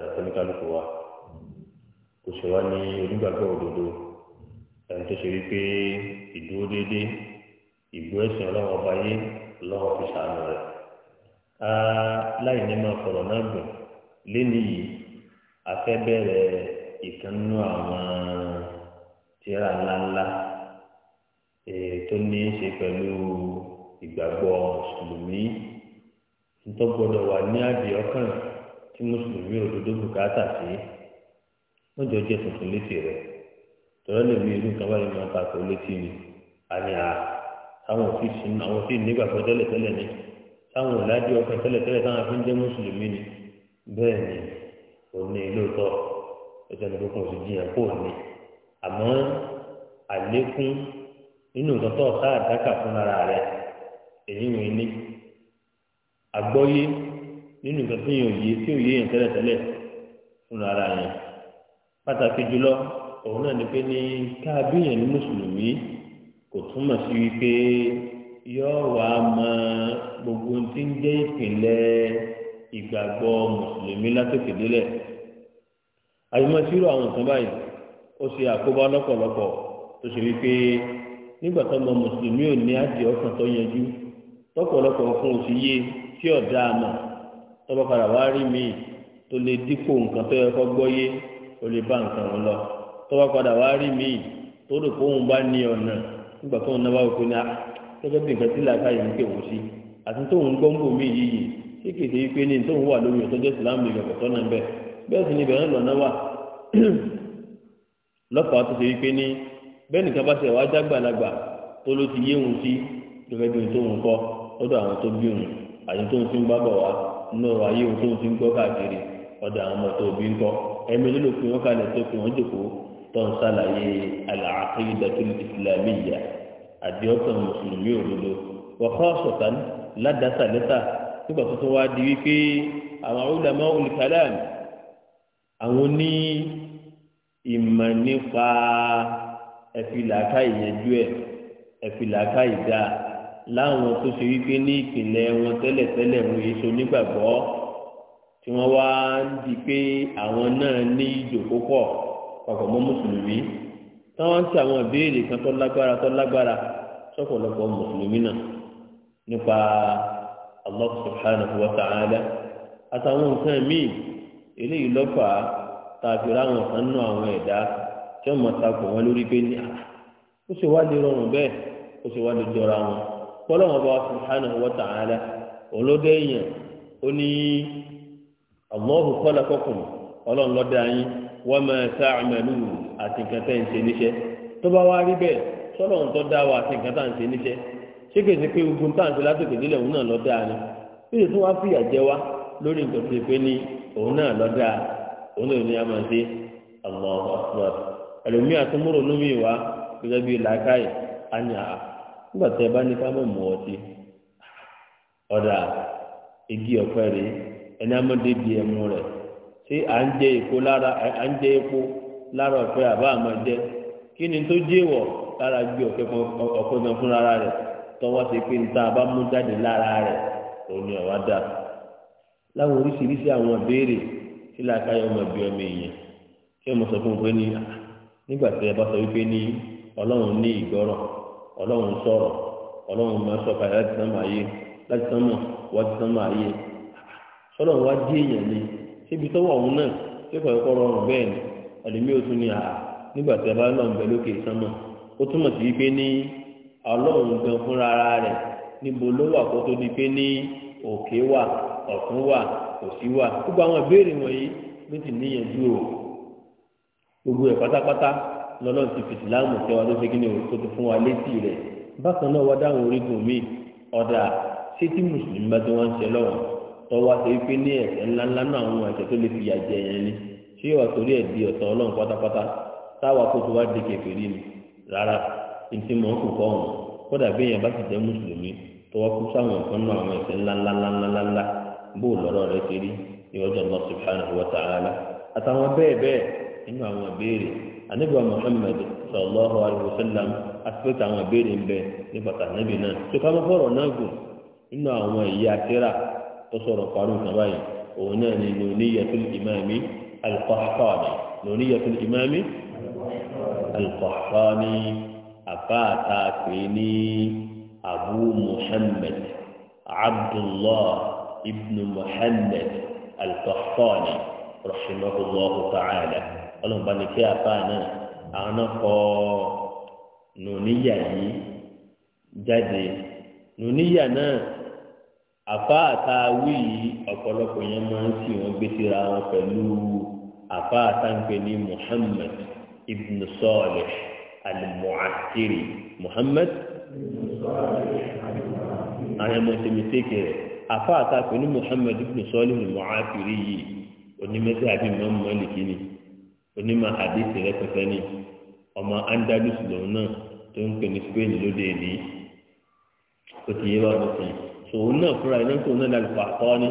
Eh, oníkálukú wa kò ṣe wá ní onígbàgbọ́ òdodo ẹni tó ṣe wípé ìdúró déédéé ìgbó ẹ̀sìn ọlọ́wọ́ ọba yé lọ́wọ́ fi ṣàánú rẹ̀ láì ní máa fọ̀rọ̀ náà gùn léni yìí afẹ́ bẹ̀rẹ̀ ìkànnú àwọn tíra ńláńlá eh, tó ní í ṣe pẹ̀lú ìgbàgbọ́ mùsùlùmí tó gbọdọ̀ wà ní àdìọ́kàn tí mùsùlùmí òdodo bùkátà sí wọn jọ jẹ tuntun létí rẹ tọ́lá lè mi irú nǹkan máa ta kó létí mi àní à táwọn àwọn tẹ́lẹ̀tẹ́lẹ̀ ni táwọn òládìí ọkàn tẹ́lẹ̀tẹ́lẹ̀ táwọn fi ń jẹ́ mùsùlùmí ni bẹ́ẹ̀ ni òní lóòótọ́ ẹ̀sẹ̀ ní kó ní àmọ́ àlékún nínú ọ̀tá àdákà nínú nǹkan tí yóò yé tí yóò yé yẹn tẹ́lẹ̀tẹ́lẹ̀ fúnra ara yẹn pàtàkì jùlọ òun náà ni pé ní káàbí yẹn ní mùsùlùmí kò túmọ̀ sí wípé yóò wá mọ gbogbo ohun tí ń jẹ́ ìpìlẹ̀ ìgbàgbọ́ mùsùlùmí látòkè délẹ̀ àyùmọ̀sírò àwọn nǹkan báyìí ó ṣe àkóbá lọ́pọ̀lọpọ̀ tó ṣe wípé nígbà tó mọ mùsùlùmí ò ní àjẹ́ ọkàn tó yanjú tọ́pọ̀lọpọ̀ fún òṣìyé tí ọ̀dà àmọ̀ tọ́ba padà wá rí mi tó lè dípò nǹkan tó yẹ kọ́ gbọ́yé ó lè bá nǹkan wọn lọ tọ́ba padà wá rí mi tó rò pé òun bá ní ọ̀nà nígbà tó ń náwó òkú ní a ah, gẹ́gẹ́ bí nǹkan tí làákàyè ń pè wọ́n sí àti tóun ń bò mí yíyí ṣé kìí ṣe pé ní tóun wà lórí ìtọ́jọ́ ìsìlámù ìgbàgbọ́ tọ́nà bẹ́ẹ̀ bẹ́ẹ̀ sì ni bẹ̀rẹ̀ lọ́nà wà lọ́pàá tó ṣe wípé ní bẹ́ẹ̀ nìkan bá ṣe wá jágbàlagbà tó ló ti yé òun sí gẹ́gẹ́ bí tóun kọ́ lọ́dọ̀ àwọn tó bí òun àti tóun ti ń bá bọ̀ wá nínú ọ̀rọ̀ ayé ohun tó ń fi ń gbọ́ káàkiri ọ̀dọ̀ àwọn ọmọ tó bí ń kọ́ ẹ̀mí lílo pé wọ́n kalẹ̀ tó fi wọ́n jòkó tó ń sàlàyé àlàáfíà ìdàtúlù ìsìlámì ìyá àdìọ́kàn mùsùlùmí òdodo wọ́kọ́ sọ̀tàn ládàásà lẹ́tà nígbà tó tún wá di wípé àwọn olùdámọ́ olùkàlàm àwọn ní ìmọ̀ nípa ẹ̀fìlàkà ìyẹn ẹ̀ ẹ̀fìlàkà ìdáa láwọn tó ṣe wípé ní ìpìlẹ̀ wọn tẹ́lẹ̀tẹ́lẹ̀ wọn èso nígbàgbọ́ tí wọ́n wá ń di pé àwọn náà ní ìjòkó pọ̀ papọ̀ mọ́ mùsùlùmí táwọn ń ti àwọn ìbéèrè kan tó lágbára tó lágbára sọ́pọ̀lọpọ̀ mùsùlùmí náà nípa allah subhanahu wa ta'ala àtàwọn nǹkan míì eléyìí lọ́fà tàbí ráwọn kan nù àwọn ẹ̀dá tí wọ́n mọ̀ ta kò wọ́n lórí pé ní ah, ó ṣe wá lè rọrùn bẹ́ẹ̀ ó ṣe wá lè jọra wọn. kọ́lọ́wọ́n bá subhanahu wa ta'ala olóde èèyàn ó ní àmọ́hù kọ́lá kọ́kùn ọlọ́run lọ́dẹ ayín wọ́n máa sá àmàlù àti nǹkan tẹ́ ń ṣe níṣẹ́ tó bá wá rí bẹ́ẹ̀ sọ́lọ́run tó dá wa àti nǹkan tá à ń ṣe níṣẹ́ ṣé kèsì pé ogun tá à ń ṣe látòkè nílẹ̀ òun náà lọ́dẹ fìyà jẹ wá lórí nǹkan tó pé ní òun náà lọ́dẹ òun náà a máa ṣe àmọ́ ọ̀pọ̀ ẹlòmíà tó nígbà tí ẹ bá ní ká mọ̀ mọ̀ ọtí ọ̀dà igi ọ̀pẹ rè ẹni amọ̀dé di ẹmu rẹ̀ ṣé à ń jẹ epo lára à ń jẹ epo lára ọ̀pẹ àbá àmọ̀ jẹ kí ni tó jéwọ̀ lára igi ọ̀pẹ kan fúnra rẹ̀ tọ́wọ́ ti pé níta bá mú jáde lára rẹ̀ òun ni ọ̀wá dà láwọn oríṣiríṣi àwọn ìbéèrè tí làákàyọ̀ ọmọ ìbí ọmọ èèyàn kí ọmọ sọ fún un pé ní ah, nígbà tí ẹ bá sọ wípé ní ọlọ́run ní ìgbọ́ràn ọlọ́run sọ̀rọ̀ ọlọ́run máa sọ kalẹ̀ láti sánmà ayé láti sánmà wá ti sánmà ayé sọlọ́run wá dé èèyàn ni síbi tó wà òun náà tí kò kọ́ rọrùn bẹ́ẹ̀ ni ẹlòmíì ó tún ní àá nígbà tí a bá lọ́n bẹ lókè sánmà ó túmọ̀ sí pé ní ọlọ́run gan fúnra ara rẹ̀ níbo ló wà kó tó di pé ní òkè wà ọ̀tún wà òsì wà gbogbo àwọn ìbéèrè wọ̀nyí ló ti níyànjú o gbogbo ẹ̀ pátápátá lọ́lọ́ ti fi ìsìláàmù tẹ wa ló fi gíní òun tó ti fún wa létí rẹ̀ bákan náà wá dáhùn orígun mi ọ̀dà ṣé tí mùsùlùmí bá tí wọ́n ń ṣe lọ́wọ́ tọ́wọ́ àti fi yà jẹ yẹn ni ṣé ọ̀tọ́rí ẹ̀ di ọ̀tọ̀ ọlọ́run pátápátá táwa kó tó wá di rara ni rárá mọ̀ kọ́ kódà bí èèyàn bá jẹ́ mùsùlùmí tọ́wọ́ kú sáwọn náà àwọn ẹ̀sẹ̀ bó anábìwá muhammed sallallahu alaihi wa sallam aspect àwọn abéèrè ń bẹ nípa tànàbì náà so ká má fọ̀rọ̀ náà gùn nínú àwọn ìyá àtẹ́rà tó sọ̀rọ̀ parí nǹkan báyìí òun náà ni noniyatul imami alfahfani noniyatul imami alfahfani àbáàtà pé ní abu muhammed abdullah ibn muhammed alfahfani rahimahullahu ta'ala. ọlọ́run bá ní kí àbá náà àwọn náà kọ nùníyà yìí jáde nùníyà náà àfa àtàwí yìí ọ̀pọ̀lọpọ̀ yẹn máa ń fi wọn gbé síra wọn pẹ̀lú àfa àtàǹpẹ̀ ní muhammed ibn sọ́ọ̀lẹ̀ alimuasiri muhammed àwọn ẹmọ ti mi tẹ́kẹ̀ rẹ̀ ní muhammed ibn sọ́ọ̀lẹ̀ alimuasiri yìí onímẹ́sẹ̀ àbí mọ́mọ́lì kìíní onímọ̀ àdéhìí rẹ pẹpẹ ni ọmọ andalus lòun náà tó ń pè ní spain lóde èní kò tí yé wà lókun sòun náà fúnra ẹ̀ náà tó náà lálẹ́ fà kọ́ ni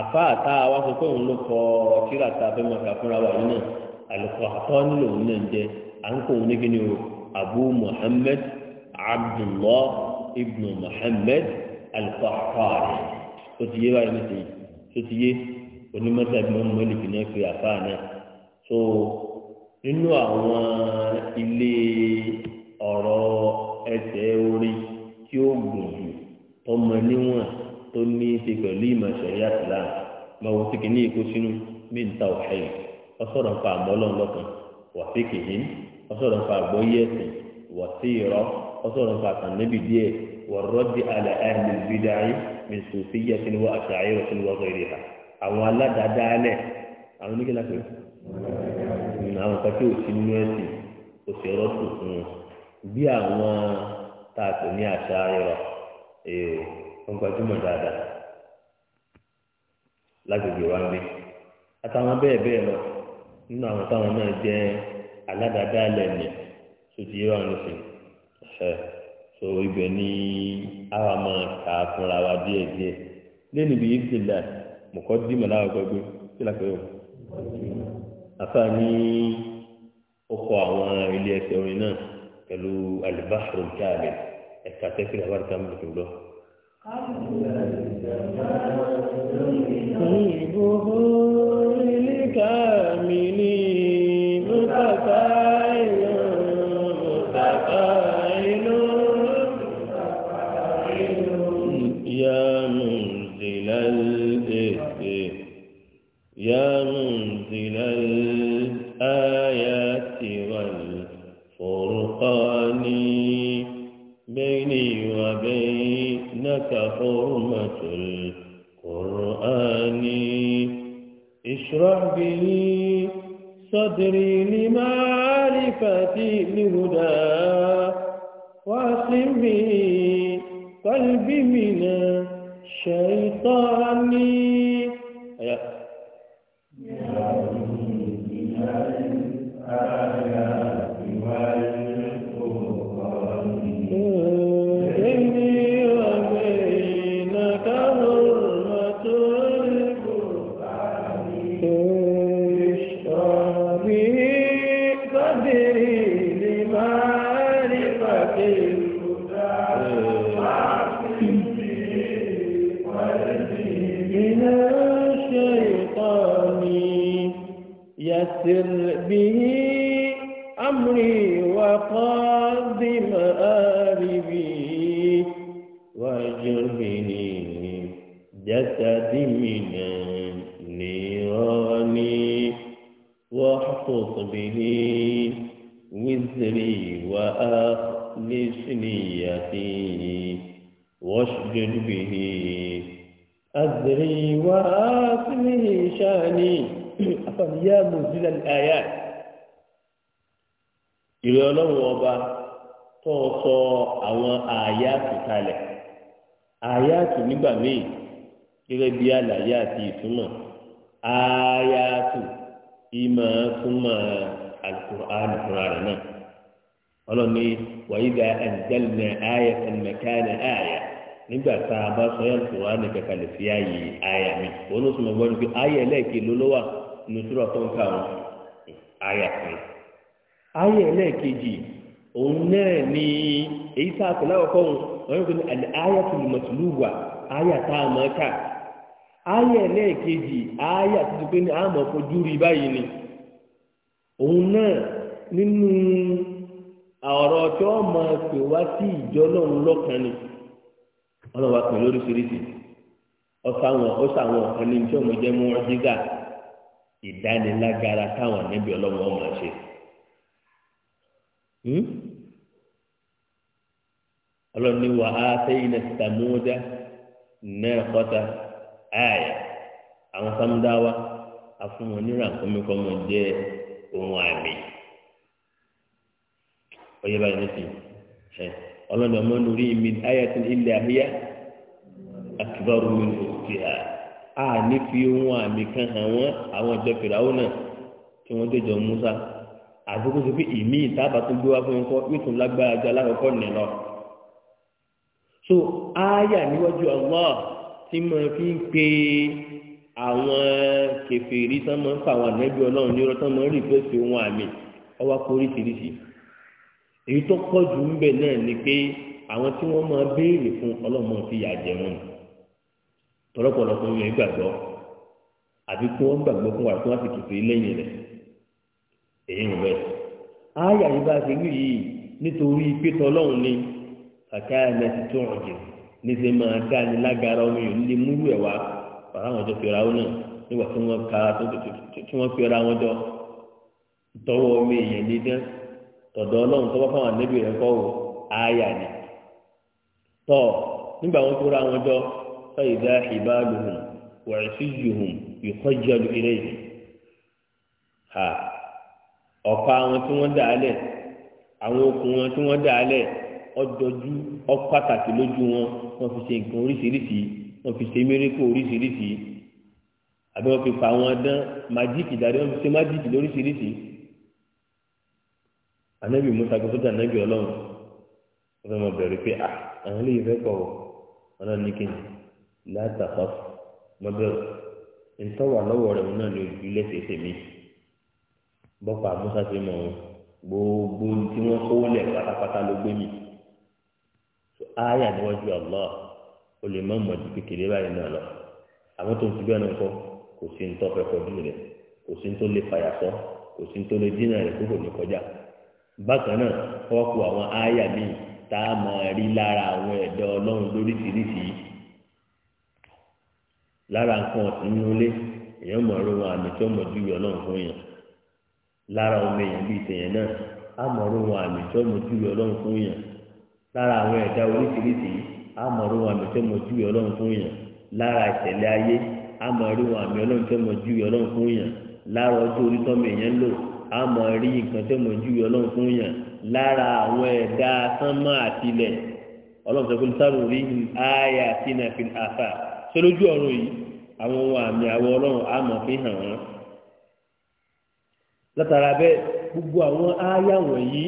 àfa àtà wa sọ pé òun ló kọ tíra ta fẹ́ máa kà fúnra wa yìí náà àlùkò àkọ́ ni lòun náà ń jẹ à ń kó òun ní kíni o abu muhammed abdullah ibnu muhammed àlùkò àkọ́ rẹ̀ kò tí yé wà lókun tó ti yé onímọ̀tàbí mọ́mọ́lì kìnnà fi àfa náà so nínú àwọn ilé ọ̀rọ̀ ẹsẹ̀ orí tí ó gùn jù tọmọ níwọ̀n tó ní í ṣe pẹ̀lú ìmọ̀ṣẹ̀ yàtìlá lọ́wọ́ tí kìíní èkó sínú mẹ́ta ọ̀ṣẹ́ ọ̀sọ̀rọ̀ pa àmọ́lọ́ lọ́kàn wà sí kìíní ọ̀sọ̀rọ̀ pa àgbọ́yé ẹ̀sìn wà sí ìrọ́ ọ̀sọ̀rọ̀ pa àtànẹ́bì díẹ̀ wà rọ́dí alẹ́ ẹ̀mí bídáyé mẹ́sùn sí yẹ́sìn wọ àṣà ayé rẹ̀ àwọn kan tí o sí nínú si o sí ọ̀rọ̀ fún wọn bí àwọn tá a pè ní àṣà ayọ̀ èèyàn wọn gbajúmọ̀ dáadáa lágbègbè wa ń gbé àtàwọn bẹ́ẹ̀ bẹ́ẹ̀ lọ nínú àwọn táwọn náà jẹ́ so ibẹ̀ ní àwa máa kà á fúnra wa díẹ̀ díẹ̀ lẹ́nu yìí ti là mọ̀kọ́ o. àfààní ọkọ̀ àwọn ilé ẹsẹ̀ orin náà pẹ̀lú alibáṣọ káàlẹ̀ ẹ̀ka tẹ́kìlì abáríkà mẹ́tò lọ. Ìgbòho حرمة القرآن اشرح به صدري لمعرفتي الهدى واصم به قلبي من الشيطان أيوة. ìrẹ́ ọlọ́run ọba tó ń sọ àwọn àyàtù kalẹ̀ àyàtù nígbà míì gẹ́gẹ́ bí àlàyé àti ìtumọ̀ àyàtù ìmọ̀ túmọ̀ alukur'ani rẹ̀ náà ọlọ́ni wàyídà ẹ̀ǹdẹ́lẹ̀ na-aya nigbata nígbà tá a bá sọ alukur'ani sí mi òun ló sọ ma gbọ́dọ̀ ayé ẹlẹ́ẹ̀kejì òun náà ni èyí tá a kò láwọ̀kọ́ òun wọ́n wà ayé tá a máa ayé ẹlẹ́ẹ̀kejì pé ní àmọ̀ ni òun náà nínú ọ̀rọ̀ tí wọ́n wá sí ìjọ lọ́run lọ́kàn ni ọlọ́wà pè lóríṣiríṣi ọ̀sàwọn ọ̀sàwọn ọ̀kan ní tí wọ́n mọ̀ jẹ́ mọ́ ọ́jígà Hmm? ọlọ́run ní a sẹ́yìn náà sàmúdà náà kọ́ta ààyè àwọn sàmúdáwá afúnwọn nírà kọ́míkọ́mọ jẹ́ ohun àmì ọyẹ báyìí ní sìn ẹ ọlọ́run ọmọ nùrí mi ayẹtì ilẹ̀ àríyá àtúbọ̀rù mi ò fi hà á ní fi ohun àmì kan hàn wọ́n àwọn ìjọ fìràwọ́ náà tí wọ́n àbúkú sí pé ìmí ìtaba tó gbé wá fún ẹnkọ yóò tún lágbára ju alákọ̀ọ́kọ́ nì lọ. so ááyà níwájú ọlọ́ tí mo fi ń pe àwọn kẹfìrí tán máa ń fa àwọn ànábi ọlọ́run ní ọlọ́ tán máa ń rí ìfẹ́sẹ̀ ohun àmì ọwọ́ kórìtìrìsì èyí tó pọ̀ jù ń bẹ̀ náà ni pé àwọn tí wọ́n máa béèrè fún ọlọ́mọ fi yà jẹ wọn tọ́lọ́pọ̀lọpọ̀ yẹn gbàgbọ́ àbí kí wọ́n gbàgbọ́ fún wa kí wọ́n lẹ́yìn rẹ̀ èyí ń bẹ́ẹ̀. ayà yìí bá ti wí yìí nítorí pété ọlọ́run ni a ẹ̀mẹ́ ti tó ọ̀rọ̀ jù níṣẹ́ máa dá ni lágara omi yòó nílé múrú ẹ̀ wá bàbá àwọn ọjọ́ fìrà nígbà tí wọ́n ka tí wọ́n wọn jọ tọwọ́ èèyàn ní dán tọ̀dọ̀ ọlọ́run tọwọ́ fáwọn rẹ̀ kọ́ wò tọ́ nígbà wọn wọn jọ wàásù ilé yìí. ọ̀pá àwọn tí wọ́n dà á lẹ̀ àwọn okùn wọn tí wọ́n dà á lẹ̀ ọjọ́jú ọpàtàkì lójú wọn wọ́n fi ṣe nǹkan oríṣiríṣi wọ́n fi ṣe mérékù oríṣiríṣi àbí wọ́n fi pa àwọn dán májíìkì dáadé wọ́n fi ṣe májíìkì lóríṣiríṣi anabi musa kò sójà anabi ọlọ́run wọ́n fẹ́ mọ bẹ̀rẹ̀ pé à ah, àwọn ilé ìfẹ́ kọ̀ ọ̀nà nìkejì látàkọ́ mọ́bẹ̀rẹ̀ ntọ́wà lọ́wọ́ rẹ̀ wọn náà ní ojú lẹ́sẹ̀ẹ́sẹ̀ mi bọ́pọ̀ àmúṣá ti mọ̀ ọ́n gbogbo tí wọ́n kówó lẹ̀ pátápátá ló gbé mi ááyà níwájú ọ̀lọ́ o lè má mọ̀jú kékeré báyìí náà lọ àwọn tó ń tibẹ́ náà kọ́ kò sí ní tọ́fẹ́ kọjú rẹ̀ kò sí ní tó lè fàyà sọ kò sí ní tó lè dínà rẹ̀ kókò ní kọjá bákan náà wọ́n kó àwọn ááyà míì tá a máa rí lára àwọn ẹ̀dọ́ ọlọ́run lóríṣiríṣi lára nǹkan ọ̀sìn nínú ilé èèyàn mọ̀ wọn àmì tí wọ́n mọ̀ lára ọmọ èèyàn bíi tèèyàn náà àmọ̀rún wọn àmì tó mọ júwe ọlọ́run fún yàn lára àwọn ẹ̀dá oríṣiríṣi àmọ̀rún wọn àmì tó mọ júwe ọlọ́run fún yàn lára ìṣẹ̀lẹ̀ ayé àmọ̀rún wọn àmì ọlọ́run tó mọ júwe ọlọ́run fún yàn lára ọjọ́ orí tọ́mọ èèyàn lò àmọ̀ rí nǹkan tó mọ júwe ọlọ́run fún yàn lára àwọn ẹ̀dá sánmọ́ àtilẹ̀ ọlọ́run tó kún sáré orí ayé àti nàfin àfà sólójú ọ̀run yìí àwọn ohun fi látara bẹ́ẹ̀ gbogbo àwọn ááyà wọ̀nyí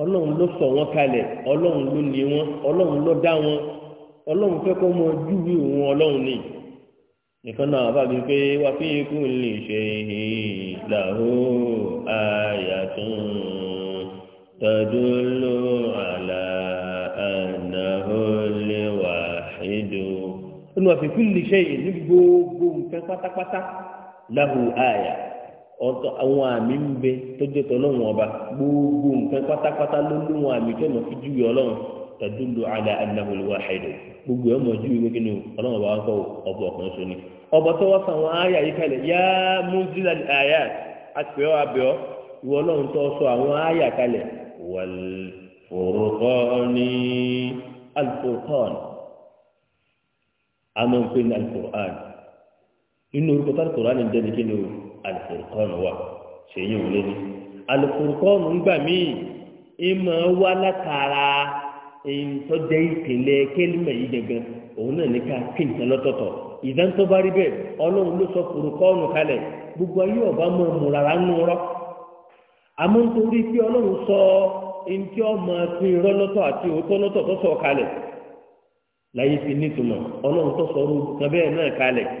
ọlọ́run ló sọ wọn kalẹ̀ ọlọ́run ló ní wọn ọlọ́run ló dá wọn ọlọ́run fẹ́ kọ́ mọ júwe òun ọlọ́run ni nìkan náà bá mi pé wà fi ikú lè ṣe ìlàhó àyàtún tọdúnlò àlà ànáhó lè wà ìdò. ó ní wà fi ikú lè ṣe ìlú gbogbo nǹkan pátápátá láhùn àyà. ọ̀tọ̀ àwọn àmì ń bẹ tó jẹ́ ọba gbogbo nǹkan pátápátá ló ló wọn àmì tó mọ̀ fi júwe ọlọ́run gbogbo ẹ̀ mọ̀ júwe wípé ọlọ́run ọba wọn kọ́ ọba ọ̀kan ni. ọba tó wọ́n sàwọn ayé àyíkalẹ̀ yá múzílà àyà àpẹ́ọ́ àbẹ́ọ́ ìwọ ọlọ́run tó sọ àwọn alifurukọ́nù wa ṣèyí ò lé ní alifurukọ́nù ńgbà ìmọ̀ wá látara ìtọ́jẹ́ ìpìlẹ̀ kẹ́límẹ̀ yìí gẹ́gẹ́ òun náà ní ká kí nǹkan lọ́tọ̀tọ̀ ìdáńtọ́ bẹ́ẹ̀ ọlọ́run ló sọ kalẹ̀ gbogbo ayé ọba ń ọlọ́run sọ ntí ọmọ pin irọ́ àti òótọ́ lọ́tọ̀ tó sọ kalẹ̀ láyé fi nítumọ̀ ọlọ́run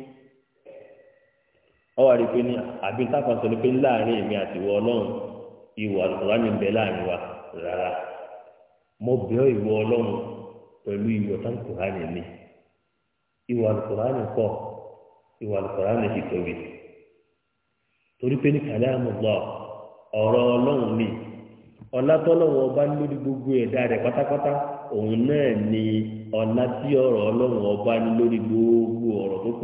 ọwọ́ àrí pé ní àbí ni pé láàrin èmi àti ìwọ ọlọ́run ìwọ àlùkòránì ń bẹ láàrin wa rárá mo bẹ́ ìwọ ọlọ́run pẹ̀lú ìwọ táǹkòránì mi ìwọ àlùkòránì pọ̀ ìwọ iwu ti tóbi torí pé ní kàlẹ́ àmúgbọ́ ọ̀rọ̀ ọlọ́run mi ọ̀làtọ́lọ́wọ́ lórí gbogbo ẹ̀dá rẹ̀ pátápátá òun náà ni tí ọ̀rọ̀ ọlọ́run ọba lórí gbogbo ọ̀rọ̀ tó kù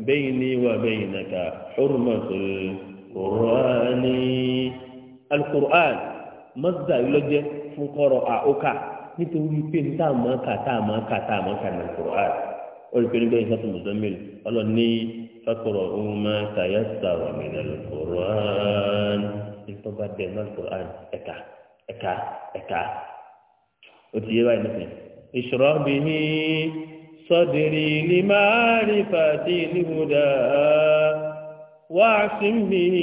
بيني وبينك حرمة القرآن القرآن مصدر لجة فقراء أوكا nítorí pé ní tá a máa kà tá a máa kà tá a máa kà ní alukur'an olùkọ́ni bẹ́ẹ̀ sọ́tún mùsùlùmí ọlọ́ni sọ́kùrọ̀ ohun máa tàyà sàrọ̀ mí ní alukur'an nítorí bá dẹ̀ ní alukur'an ẹ̀ka ẹ̀ka ẹ̀ka ó ti yé báyìí nísìnyí ìṣòro bíi صدري لمعرفة الهدى واعصم به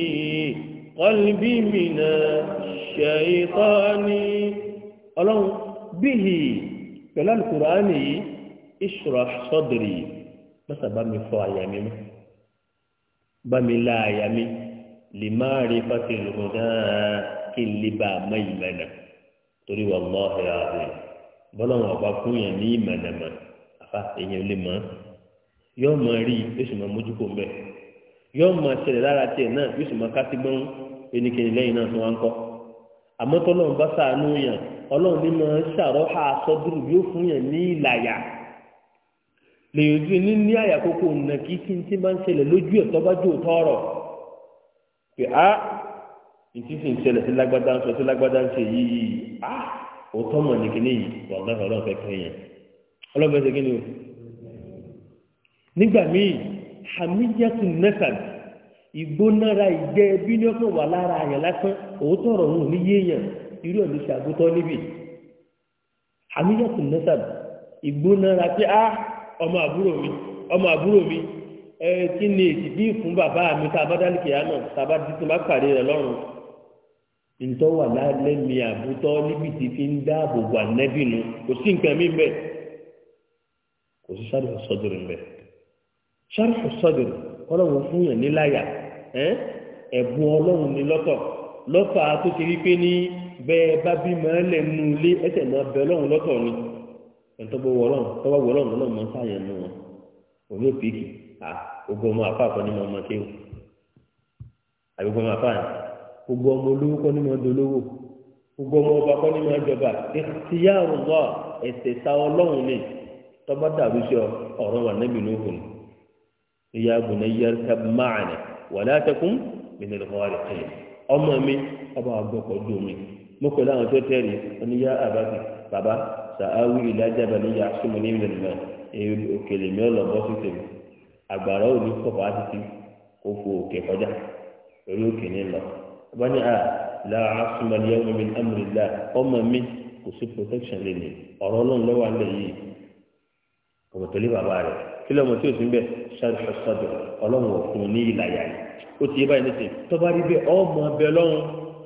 قلبي من الشيطان الله به pẹ̀lú alukuraani yìí ìṣura sọ́dìrì mọ́sá bá mi fọ àyà mi mọ́ bá mi la àyà mi lè má rí pàṣẹ lòdà kí n lè bá a má ìmọ̀nà torí wà lọ́ọ̀hẹ́ ààrẹ bọ́lá wọn bá fún yàn ní ìmọ̀nà mọ́. àfa èèyàn lè mọ na mọ̀ rí yóò sì mọ mójú kò mbẹ mọ̀ ṣẹlẹ̀ lára tiẹ náà yóò sì mọ kásí gbọrun ẹnikẹni lẹyìn náà tí wọn ń kọ bá sàánú yàn ní ha sọdúró yóò fún yàn ní ìlàyà lèyòjú ní ní àyà kókó nà kí tí ń tí máa ń ṣẹlẹ lójú ẹ tọ́ bá jò tọrọ pé á ìtí sì ń sí lágbádá ń sọ sí lágbádá ń ṣe yìí á òótọ́ ọlọ́bẹ̀ ṣe kí ni o nígbà míì hamiyatu nẹ́sàn ìgbónára ìjẹ́ ẹbí ní ọkàn wà lára àyàn lásán òótọ́ ọ̀rọ̀ òun ní yéèyàn irú ẹ̀ ló ṣe àgótọ́ níbì hamiyatu nẹ́sàn ìgbónára pé á ọmọ àbúrò mi ọmọ àbúrò mi ẹ kí ni ètìdí fún bàbá mi tá a bá dálé kìá náà tá a bá di tí bá pàdé rẹ lọ́rùn ntọ́wà lálẹ́ mi àbútọ́ níbi tí fi ń dáàbò bò ànẹ́bìnú kò sí nǹkan mi kò sí sáré sọdúró ń bẹ sáré sọdúró ọlọ́run fún yàn níláyà ẹ̀bùn ọlọ́run ní lọ́tọ̀ lọ́fà tó ti rí pé ní bẹ́ẹ̀ bá bí máa lẹ́nu ilé ẹsẹ̀ náà bẹ ọlọ́run lọ́tọ̀ ni ẹ̀ńtọ́gbọ̀ wọ ọlọ́run tọ́wọ́ wọ ọlọ́run náà mọ sáyẹn nù wọn òun yóò pèkì à gbogbo ọmọ àfa àkọ́ ni mo mọ kéwù àbí gbogbo ọmọ àfa yẹn gbogbo ọmọ olówó kọ́ ni mo dolówó gbogbo ọmọ ọba kọ́ ni mo jọba ìyá ọ̀rọ̀ ẹ̀sẹ̀ ta ọlọ́run ni tọ́ba dàbí sọ ọ̀rọ̀ wà níbi lóhùn ìyá abùnà yíyá tábí máàní wà látẹkùn mìíràn kọ́wárì kẹ́yìn ọmọ mi ọba àgbọ̀kọ̀ ju mi mo pẹ̀lú àwọn tó tẹ̀lé oníyá àbáfi bàbá sàáwì ìlàjàbà níyà súnmọ́ ní ìlú náà èyí òkèlè mi ọlọ́bọ́ sí tèmi àgbàrá òní kọ̀ọ̀fà á ti ti kó fo òkè kọjá orí òkè ní lọ ọba ní a lára súnmọ́ ní ọmọ mi ọmọ mi kò sí protection lè ní ọ̀rọ̀ ọlọ́run lọ́wọ́ yìí ọ̀bọ̀tọ̀lé bàbá rẹ̀ kí lọ́mọ tí ó ti ń bẹ̀ ṣàṣọṣọdọ̀ ọlọ́run ọ̀fun ní ìlàyà yìí ó ti yé báyìí ní sìn tọ́ba rí bẹ́ẹ̀ ọmọ ọbẹ̀ ọlọ́run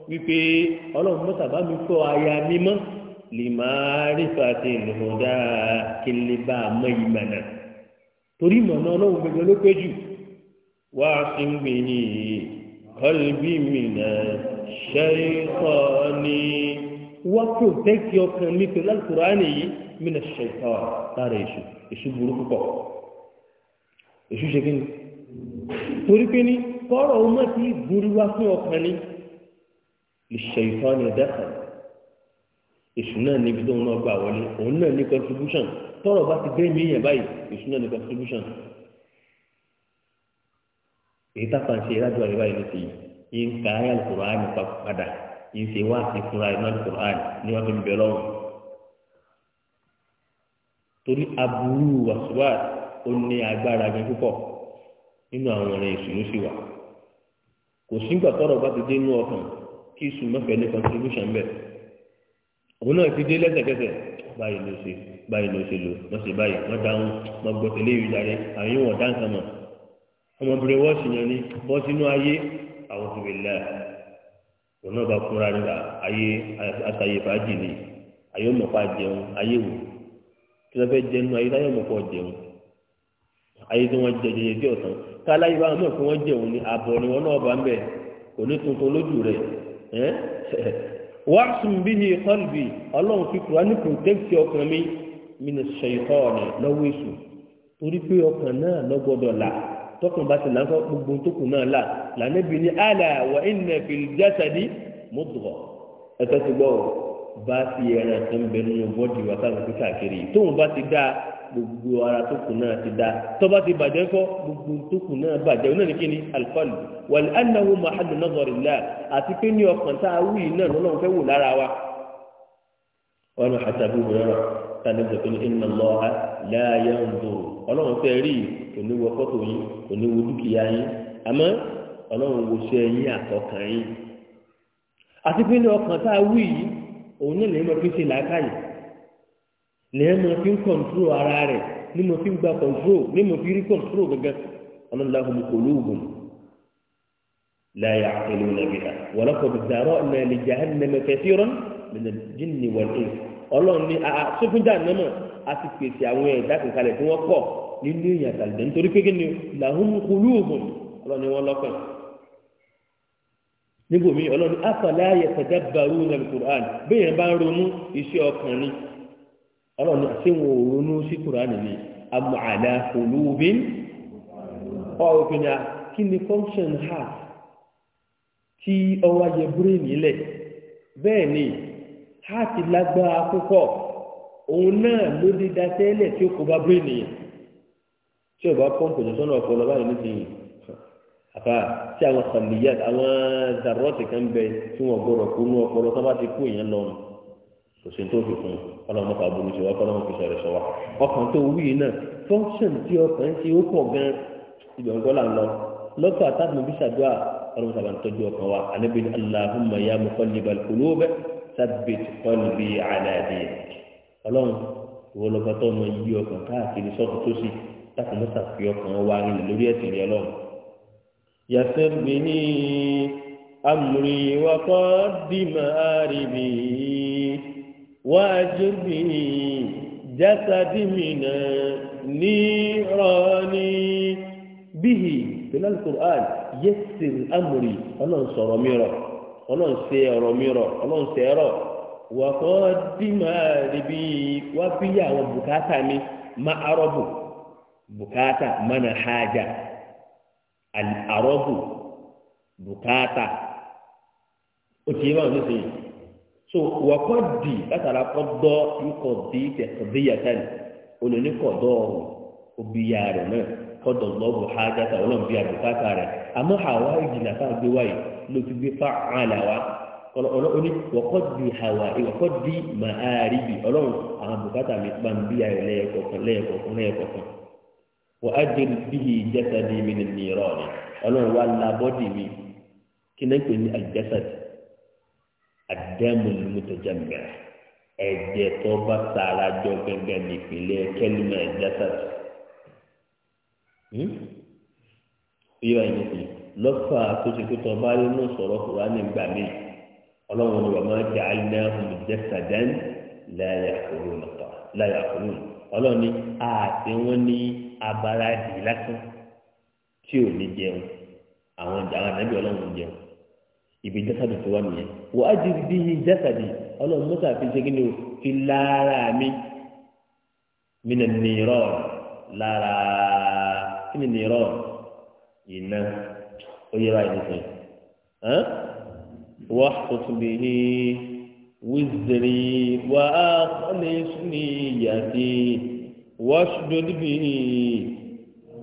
wípé ọlọ́run mọ́tà bá mi fọ́ aya mímọ́ lè máa rí fàtí ìlúmọ̀dá kí lè bá a mọ ìmọ̀nà torí ìmọ̀nà ọlọ́run gbẹgbẹ ló pé jù wá sí ń ní kọ́lbí mi náà ṣe é ni wá protect your community lálùkùrọ̀ ànìyí mi náà ṣe èṣù burú púpọ̀ èṣù ṣe kíni torí pé ní kọ́rọ̀ ọmọ tí burú wá fún ọkàn ní ìṣẹ̀ ìfọ́nì dẹ́sẹ̀ èṣù náà níbi tó ń lọ gbà wọlé òun náà ní contribution tọrọ bá ti bẹ́ẹ̀ mí yẹn báyìí èṣù náà ní contribution èyí tápà ń ṣe ìrájú àríwá báyìí ní ti yìí ń ka ayé alukóra ní padà yìí ń ṣe wá sí fúnra ẹ̀ náà alukóra ní wọ́n fi ń bẹ̀ lọ́wọ́ torí aburú wàsíwàá ó ní agbára gan púpọ̀ nínú àwọn ọ̀rẹ́ ìṣúná sí wa kò sígbà tọrọ bá ti dé inú ọkàn kí ìṣù mẹ́fẹ̀ẹ́ ní contribution bẹ́ẹ̀ òun náà ti dé lẹ́sẹ̀kẹsẹ̀ báyìí ló ṣe báyìí ló ṣe lò wọ́n ṣe báyìí wọ́n dáhùn wọ́n gbọ́ tẹ̀lé ìrìn àrẹ àwọn yóò wọ̀n dáǹkan mọ̀ ọmọbìnrin wọ́ọ̀ṣì yẹn ni bọ́ sínú ayé àwọn tó lè lẹ́ òun náà bá fúnra rẹ̀ ayé àtàyè fàájì ni ayé ọmọ fàájẹun ayé wò kí ló fẹ́ jẹnu ayé táyọ̀ mọ̀kọ́ jẹun ayé tí wọ́n jẹ jẹjẹ bí ọ̀sán káláyé bá mọ̀ fún wọn jẹun ni àbọ̀ ni wọn náà bá ń bẹ̀ kò ní tuntun lójú rẹ̀ wàásùn bí ní kọ́lbì ọlọ́run fi kura ní protẹ́kítì ọkàn mi mi ní ṣèyíkọ́ ọ̀nà lọ́wọ́ èṣù torí pé ọkàn náà lọ́gbọ́dọ̀ là tọkàn bá ti là ń gbogbo tókù náà là lànà bí ní àlà wà ìnà fìlì jásàdí mọ́tò ẹ̀tọ́ ti bá ti ẹran kan bẹ nínú bọ́dì wa káàkiri káàkiri tóun bá ti dá gbogbo ara tó kù náà ti dá tọ́ba ti bàjẹ́ kọ́ gbogbo tó kù náà bàjẹ́ onáà ní kíni alifọ́lù wàlẹ́ anáwó mahadu nọ́gọ́rì náà àti pé ní ọkàn tá a wù yìí náà lọ́nà fẹ́ wò lára wa. ọ̀nà àtàbí òmìnira tani bẹ̀rẹ̀ ní iná lọ́ha láàyè ń dùn ọlọ́run rí kò ní wọ fọ́tò yín kò ní wo dúkìá yín àmọ́ ọlọ́run wo ṣẹ́ yín àtọkàn yín àti pé ní ọkàn tá a wù yìí òun náà lèyìn mọ fi ń ṣe làákàyè lèyìn mọ fi ń kọ̀ǹtúrò ara rẹ̀ ní mo fi ń gba kọ̀ǹtúrò ní mo fi rí kọ̀ǹtúrò gẹ́gẹ́ ọlọ́láhùn kòlóògùn láyà àkèlè nàbìlà wọlọ́kọ̀dù dàrọ́ nàlẹ́ jahannama kẹfìrán lẹ́nà jíìnì wọlé ọlọ́run ní sókúnjà nàmọ̀ a ti pèsè àwọn ẹ̀dá kankalẹ̀ tí wọ́n kọ̀ nínú ìyàtàlẹ̀ nítorí pé kí ni làhùn kòlóògùn ọlọ́run ni wọ́n lọ́kàn níbòmí ọlọ́run afọlá ayẹ̀tẹ̀dá barú nàbí kùránì bẹ́ẹ̀ yẹn bá ń ronú iṣẹ́ ọkàn ni ọlọ́run àti wọn ò ronú sí kùránì ni àmọ́ àdá olúbi ọ̀gbìnà kí ni function heart tí ọwọ́ ayẹ búrẹ́ẹ̀nì lẹ̀ bẹ́ẹ̀ ni heart lágbára púpọ̀ òun náà ló dé da tẹ́lẹ̀ tí ó kó bá búrẹ́ẹ̀nì yẹn tí ọba pọ́ǹpù ìjọsọ́nà ọ̀pọ̀lọ́ báyìí nísìnyí àbá tí àwọn kọ̀lìyàt àwọn zarọ́ọ̀tì kan bẹ tí wọ́n gbọ́dọ̀ kó nú ọpọlọ tó bá ti kó èèyàn lọ kò sí tó fi fún ọlọ́mọ kan burú sí wa kọ́ ọlọ́mọ fi sọ̀rọ̀ sọ wa ọkàn tó wí náà fọ́nṣọ̀n tí ọkàn ti ó pọ̀ gan ibẹ̀ ń gbọ́ là ń lọ lọ́tọ̀ àtàkùn bí sàdúrà ọlọ́mọ sábà ń tọ́jú ọkàn wa anábìrin aláhùnmá ya mú kọ́ni balùkùnú bẹ́ sábẹ̀ kọ́ni bí àdáyé ọlọ́run ìwọlọ́gbọ́tọ́ ọmọ يسر به أمري وقدم آربي وأجر به جسدي من نيراني به في القرآن يسر أمري ọlọ́run sọ̀rọ̀ mìíràn ọlọ́run ṣe ọ̀rọ̀ mìíràn ọlọ́run ṣe ẹ̀rọ wọ́pọ̀ dìmọ̀ mi mana àrọ́bù bùkátà ó ti yé báwọn nísìnyí so wọ́kọ́ dì látara kọ́ dọ́ ikọ̀ bí tẹ̀síyàtà ni olùníkọ̀dọ́ òbíya rẹ̀ náà kọ́dọ̀ lọ́bù hájáta ọlọ́mùbíya bùkátà rẹ̀ àmọ́ àwa ìjìnlá tá a gbé wáyé ló ti gbé fá àlà wa ọlọ́ di di bi ọlọ́run àwọn bùkátà mi pa ń rẹ̀ wò á jẹ bíi jẹsàdì mi ní nìrọ ni ọlọ́run wa la bọ́dì mi kí náà pè ní àjẹsàdì àdẹ́mùlùmùtọ́jàmbẹ̀ ẹ̀jẹ̀ tó bá tààrà jọ gẹ́gẹ́ ní ìpínlẹ̀ kẹ́lùmọ̀ àjẹsàdì hmm? yíyá ẹni sè lọ́fà tó ṣe pé tọ́ba nínú sọ̀rọ̀ gbà mí ọlọ́run ni máa jẹ àìnáhùn jẹsàdán láyà kúrò nìkan láyà kúrò nìkan ọlọ́run ní àti wọn ní abaradì lásán tí ò ní jẹun àwọn ìjàmbá nàbí ọlọ́run jẹun ibi jásàdì tó wà nìyẹn wọ́n á di bí jásàdì ọlọ́run mọ́tà fi ṣe kíni o fi lára mi mínà nìrọ̀ lára kíni nìrọ̀ iná ó yẹra ìdíje wọ́n tuntun bíi. وزري وأخلص نيتي واشدد به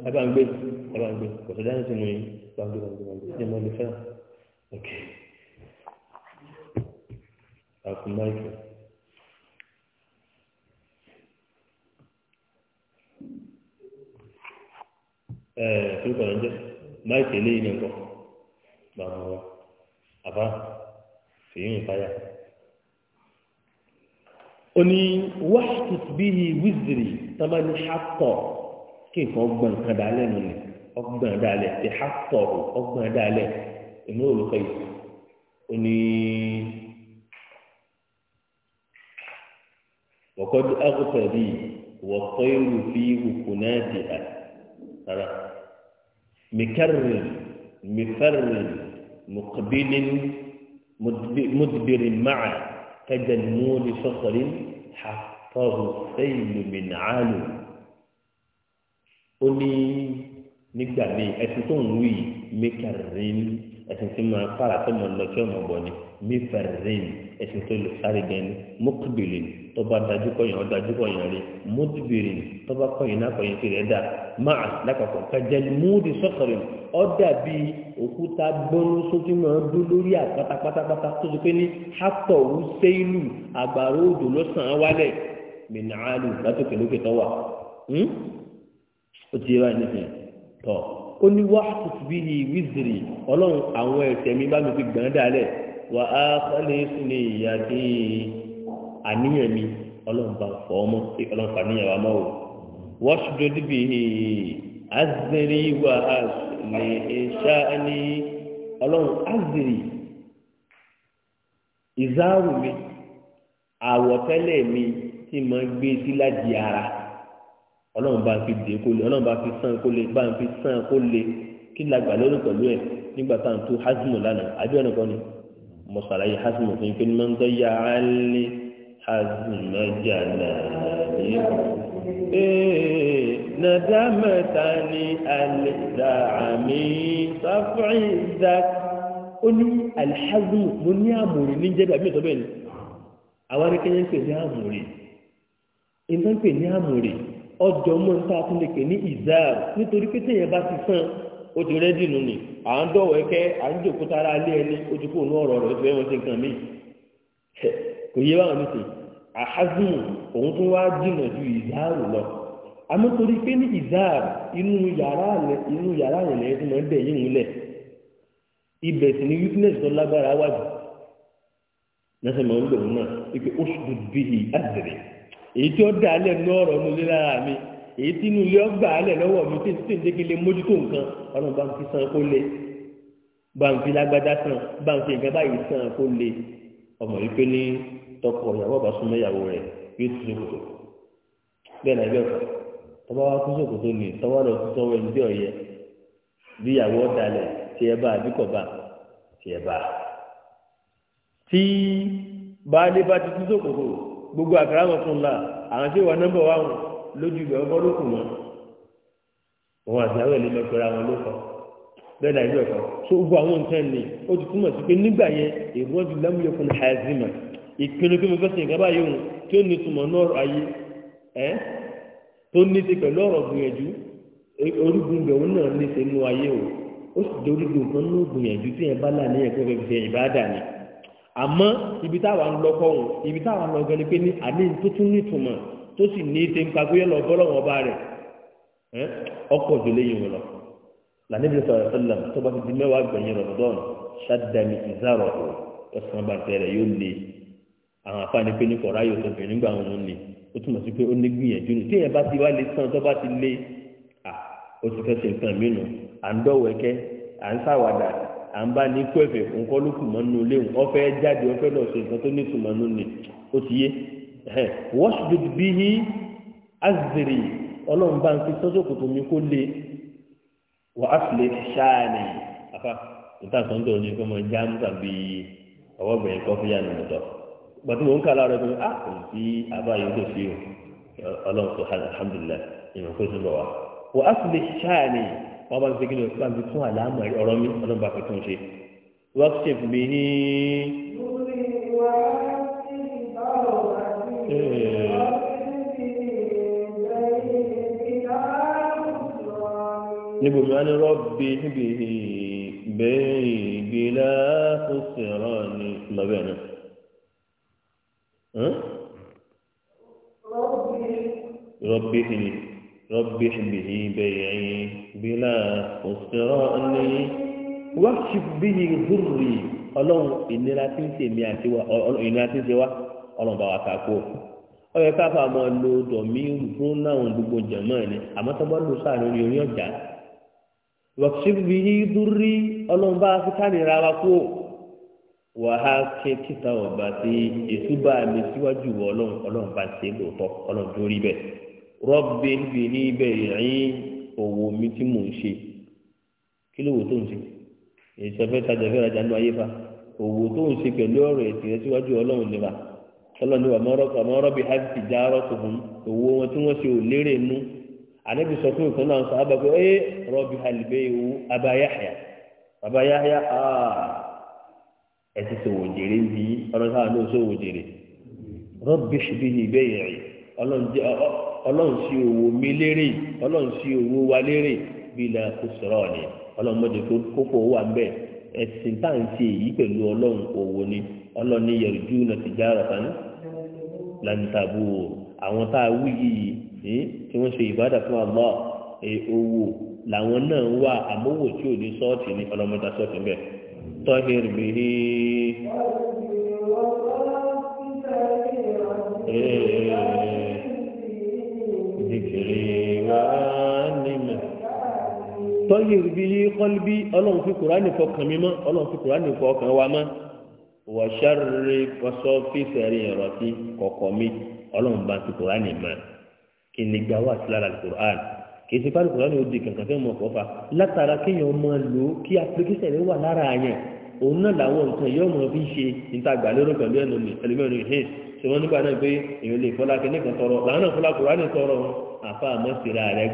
أبا أنجز أبا أنجز وسجانة سنوي أبا أنجز أبا أنجز أبا أنجز أوكي أكو مايكل oni wahkit bihi wizri tọ́ba ní hatọ̀ kí nǹkan ọgbọ̀n kan dalẹ̀ nìyẹn ọgbọ̀n dalẹ̀ ti hatọ̀ ọgbọ̀n dalẹ̀ inú olùkọ́ yìí oni wọ́kọ́dú agbẹ́tẹ̀bí wọ́kọ́ irú fi wùkú náà ti hà sára mikarin mifarin mukabilin mudbirin máa. كجنون صقر حفظه سيل من عالو ó ní nígbà míì ẹ̀sìn tó ń wí mẹ́kàrín ẹ̀sìn tí máa fara tó mọ̀ lọ́jọ́ mọ̀ bọ̀ ni mifarin ẹsìn tó lè sáré gẹni mokubiri tó bá dájú kọyìn ọ dájú kọyìn rí mokubiri tó bá kọyìn náà kọyìn ti rẹ dá máa lápapọ kájẹni múdi sọkọrọ ọ dàbí òkúta gbọnú sókè máa dún lórí àpáta pátápátá tó ti pé ní hapọ wùsẹ́ìlù àgbàrá òjò lọ́sàn-án wálẹ̀ mìnàálù látòkè lókè tó wà hmm? ó ti yẹ báyìí nísìnyí tọ́ ó ní wàhálà tó ti bí wíìzìrì ọlọ́run àwọn ẹ̀sẹ̀ mi bá mi fi gbọ̀n dálẹ̀ wà á sọ́lé sílé ìyá kí àníyàn mi ọlọ́run bá fọ́ ọmọ kí ọlọ́run fà níyàn wà mọ́ o wọ́n ṣojú níbi azìrì wà á lè ṣá ní ọlọ́run azìrì ìzáàrù mi àwọ̀tẹ́lẹ̀ mi tí mo gbé sí ara ọlọ́run fi dé kó lè ọlọ́run fi sàn kó lè bá fi sàn kó lè kí lagbà lórí pẹ̀lú ẹ̀ nígbà tá tó hasmo lánàá àbí ọ̀nà ni mo ṣàlàyé hasim òfin pé máa ń tọ́ ya alẹ́ hasim mẹ́jà nàní. nadamata ni alẹ́ dàmí sáfìrì zak ó ní alhasim mo ní àmúrí ní jẹ́bi àbí ìtọ́ bẹ́ẹ̀ ni àwọn akẹ́kẹ́ ń pè ní àmúrí ìtọ́ ń pè ní àmúrí ọjọ́ mọ́ ń tà pè ní ìzáàrù nítorí pé téèyàn bá ti sàn ó ti rẹ́dì nù nìyí. à ń dọ̀wẹ́kẹ́ à ń jòkúta ara alẹ́ ẹni ojú kò ọ̀rọ̀ rẹ̀ ó ti nǹkan kò yé báwọn nìkan àhazùn òun wá jìnà ju ìzáàrù lọ àmọ́ pé ní ìzáàrù inú yàrá rẹ̀ inú yàrá rẹ̀ lẹ́yìn bẹ̀ yín ibẹ̀ sì ni weakness tó lágbára wà jù lẹ́sẹ̀ ń náà wípé ó èyí tí inú ilé ọgbà alẹ̀ lọ́wọ́ mi tí tí ń dé kí lè mójútó nǹkan ọlọ́run bá ń fi san kó lé bá ń fi lágbádá san bá ń fi nǹkan báyìí san kó lé ọmọ yìí pé ní tọkọ ìyàwó ọba súnmọ́ ìyàwó rẹ̀ yóò ti sókòtò bẹ́ẹ̀ náà bẹ́ẹ̀ kọ́ tọ́ba wa kú sókòtò ni tọ́wọ́ lọ sí sọ́wọ́ ẹni bí ọ̀yẹ́ bí ìyàwó ọ̀dàlẹ̀ tiẹ̀ bá àbíkọ̀ bá tiẹ̀ bá tí baálé bá ti kú sókòtò gbogbo àkàrà wọn fún un la àwọn tí wọn nọ́mbà wa wọn lójú ìgbà ọkọ ló kù wọn òun àtìyàwó ẹni lọ pẹ̀lú àwọn ló kọ bẹ́ẹ̀ náà ìgbà kan tó gbogbo àwọn nǹkan ni ó ti túmọ̀ sí pé nígbà yẹn èrò ọdún lámúyẹ̀kùn hazima ìpinnu pé mo fẹ́ sìn kábàá yòówù tí ó ní túmọ̀ náà ayé ẹ́ tó ní ti pẹ̀lú ọ̀rọ̀ gbìyànjú orígun gbẹ̀wò náà ní ti nú ayé o ó sì dorí gbòǹkan ní gbìyànjú tí yẹn bá là ní ẹ̀kọ́ fẹ́ fi ṣe ìbáàdà ni àmọ́ ibi táwa ń lọ kọ́ òun ibi táwa ń lọ gan ni pé ní àní tó tún nítumọ̀ tó sì ní ìtẹ̀ nípa pé yọlọ bọ́lọ́wọ́ ọba rẹ̀ ọkọ̀ òjòlè yìí wọn lọ lànàbìrì sọ̀rọ̀ sọ́lá tó bá ti di mẹ́wàá gbẹ̀yìn rọ̀dọ́n ṣàdàmì ìzárọ̀ ọ̀sán bá tẹ̀rẹ̀ yóò le àwọn afáàní pé ní kọ̀ọ̀rá yóò tóbi nígbà wọn ni ó túmọ̀ sí pé ó ní gbìyànjú ni téèyàn bá ti wá lè sàn tó bá ti lé à ó ti fẹ́ ṣe nǹkan mìíràn à ń dọ̀wẹ́kẹ́ à ń sàwàdà à ń bá ní kó ẹ̀fẹ̀ fún kọ́lùkù mọ́nú léwu ọ fẹ́ jáde ọ fẹ́ lọ ṣe nǹkan tó ní ìtumọ̀ nù ni ó ti yé wọ́ṣùdùd bí i azèrè ọlọ́run bá ń fi sọ́jọ́ kòtò mi kó lé wà á fi lè ṣáà ní afa ìtàkùn ń dọ̀rọ̀ ní kọ́mọ jáàmù tàbí ọwọ́ bẹ̀rẹ̀ kọ́fíà ní mọ̀tọ́ gbàtí mò ń kà láàárọ̀ pé ah kò sí àbáyọ tó fi o ọlọ́run tó hàn alhamdulilayi ìmọ̀ kó tún bọ̀ wá wà á fi lè ṣáà wọ́n bá ń fi kí ni wọ́n bá ń fi tún àlámọ̀ níbo mi wá ní rọ́bì níbi bẹ́ẹ̀ ìgbélá ó sì rán ní lọ́bẹ̀ náà. ربح ربح به بيعي بلا خسراني واكشف به ضري ọlọ́run ìnira tí ń ṣe mi àti wa ọlọ́run ìnira tí ń ṣe wa ọlọ́mọba wa ká kó ọ yẹ káfà máa lo dọ̀mí fún náà gbogbo jẹ̀mọ́ ni àmọ́ tó bá lò sáàrin orí orí ọ̀jà wọ̀kṣíbi dúrí ọlọ́mọba afíkánira wa kó wàhá ké kíta ọ̀bà sí ètúbà mi síwájú wọ ọlọ́run ọlọ́mọba ṣe é lòótọ́ ọlọ́run tó rí bẹ́ẹ̀ rọ́bì bì ní bẹ́ẹ̀ yẹn òwò mi tí mò ń ṣe kí ló wò tó ń ṣe èyí sọ fẹ́ tajà fẹ́ rajà ayé fa òwò tó ń ṣe pẹ̀lú ọ̀rọ̀ ẹ̀sìn rẹ síwájú ọlọ́run nípa tọ́lọ́ni wà mọ́rọ́ bí hajj ti já rọ́ọ̀tù hùn owó wọn tí wọ́n ṣe ò lérè nú ànábi sọ fún ìkan náà sọ ábà pé ẹ rọ́ọ̀bì halibẹ́ ìwú abayáhìá abayáhìá ẹ ti sọ wòjèrè bí ọlọ́run sáà ló sọ wòjèrè rọ́ọ̀bì ṣubí ni ìbéèrè ọlọ́run sí owó mi lérè ọlọ́run sí owó wa lérè bí ilà kò sọ̀rọ̀ ni ọlọ́run mọ́jọ tó kókó wà ń bẹ̀ ẹ̀sìn táǹtì èyí pẹ̀lú ọlọ́run òwò ni ọlọ́run ní yẹrù jù náà ti já rọ̀ tán lantabu àwọn tá a wí yìí tí wọ́n ṣe ìbádà fún allah owó làwọn náà ń wá àmówò tí ò ní sọ́ọ̀tì ní ọlọ́mọdá sọ́ọ̀tì ń bẹ̀ tọ́hìr bìí tọ́hìr bìí kọ́lbí ọlọ́run fi kùránì fọkàn mímọ́ ọlọ́run fi kùránì fọkàn wa mọ́ wọ̀ṣẹ́rì bọ́sọ́ fífẹ̀rí ìrọ̀tí kọ̀kọ́ mi ọlọ́run ti ma kí ni gba wá sí lára kur'an kì í ṣe pálí kùrán ní odi kankan fẹ́ mọ̀ kọ́fà látara kéèyàn máa lò ó kí apilikéṣẹ̀ rẹ wà lára yẹn òun náà làwọn nǹkan yóò fi ṣe níta gbàlérò ṣe nígbà náà pé èèyàn lè fọlá kí nìkan tọrọ làwọn náà fọlá tọrọ àfa rẹ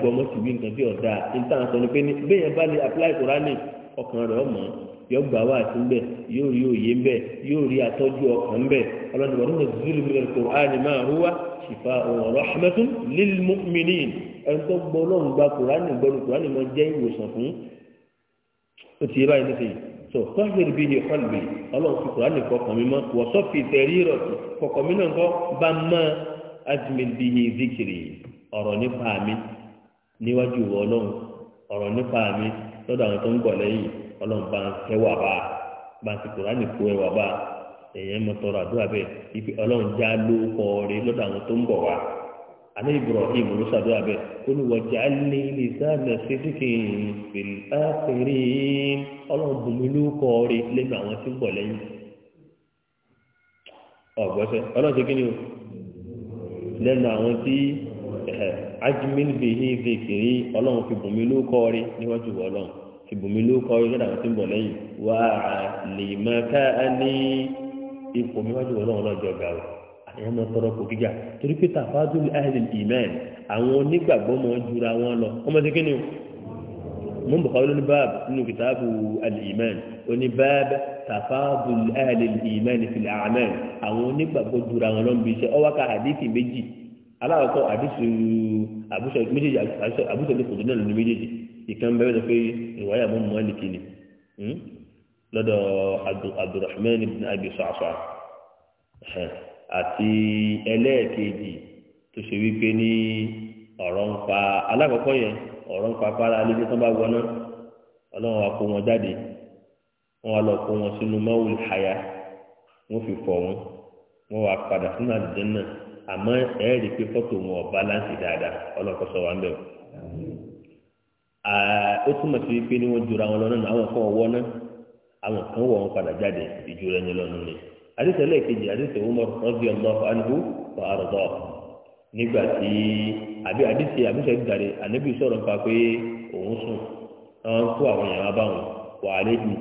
nǹkan yóò gbà wá sí mbẹ yóò rí òye mbẹ yóò rí atọ́jú ọkàn mbẹ ọlọ́dún wọn ní zulu mi lẹ́nu kùránì máa hu wa ṣìfà ọ̀rọ̀ ahmedun lílmú mìíràn ẹni tó gbọ́ ọlọ́run gba kùránì gbọ́dọ̀ kùránì máa jẹ́ ìwòsàn fún ó ti yé báyìí nísìnyí tó tọ́sílẹ̀ bíi ní kọ́lùbì ọlọ́run fi kùránì kọkàn mi mọ́ wọ́sọ́ fi tẹ̀rí rọ̀ ọlọ́run bá ń kẹwà bá bá ń ti kùránì bá ibi ọlọ́run já ló lọ́dọ̀ àwọn tó ń bọ̀ wá alẹ́ ibrahim ló ṣàdúrà bẹ́ẹ̀ ó lé lìsánà sídìkì fìlàkìrì ọlọ́run bùnmi ló lẹ́nu àwọn tí ń bọ̀ lẹ́yìn ọ̀gbọ́sẹ̀ kí ni o lẹ́nu àwọn tí ìbùnmi ló kọ yóò dàgbà tó ń bọ̀ lẹ́yìn wá lè mọ ká ní ipò míwájú ọlọ́run lọ́jọ́ ga o àyàn máa tọrọ kò gíga torí pé tàfáàdù ahìlì ìmẹ́ẹ̀n àwọn onígbàgbọ́ máa jura wọn lọ ọmọ ti kíni o mo ń bọ̀ káwé lónìí báàbù nínú kìtàbù alìmẹ́ẹ̀n oní báàbù tàfáàdù ahìlì ìmẹ́ẹ̀n fìlẹ̀ àmẹ́ẹ̀n àwọn onígbàgbọ́ jura wọn lọ ń bí iṣẹ́ ọwọ́ ká àdìsí méjì aláwọ̀kọ́ àdìsí ìkan bẹ́ẹ̀ lọ pé ìwáyà mọ́ mọ́lìkì ni hmm? lọ́dọ̀ abdulrahman ibn abi sa'afa àti ẹlẹ́ẹ̀kejì tó ṣe wípé ní ọ̀rọ̀ ń pa alákọ̀ọ́kọ́ yẹn ọ̀rọ̀ ń pa para alẹ́ tó bá wọná ọlọ́run wa kó wọn jáde wọn wá lọ kó wọn sínú mọ́wùl haya wọn fi fọ wọn wọn wá padà sínú àdìjẹ náà àmọ́ ẹ̀ẹ́dì pé fọ́tò wọn ọ̀bá láǹtì dáadáa ọlọ́kọ̀ sọ wa ń bẹ̀rù. ó túmọ̀ sí pé ní wọ́n jura wọn lọ́nà àwọn kan wọ́n ná àwọn kan wọ̀ wọn padà jáde ìjura ẹni lọ́nà ni àdìsẹ́lẹ̀ kejì àdìsẹ́ wọn mọ̀rọ̀ rọ́bì ọlọ́fọ ànúhù wà á nígbà tí àbí àdìsẹ́ àbíṣẹ́ ànábì sọ̀rọ̀ nípa pé òun sùn kó àwọn yàrá bá wọn wà á sùn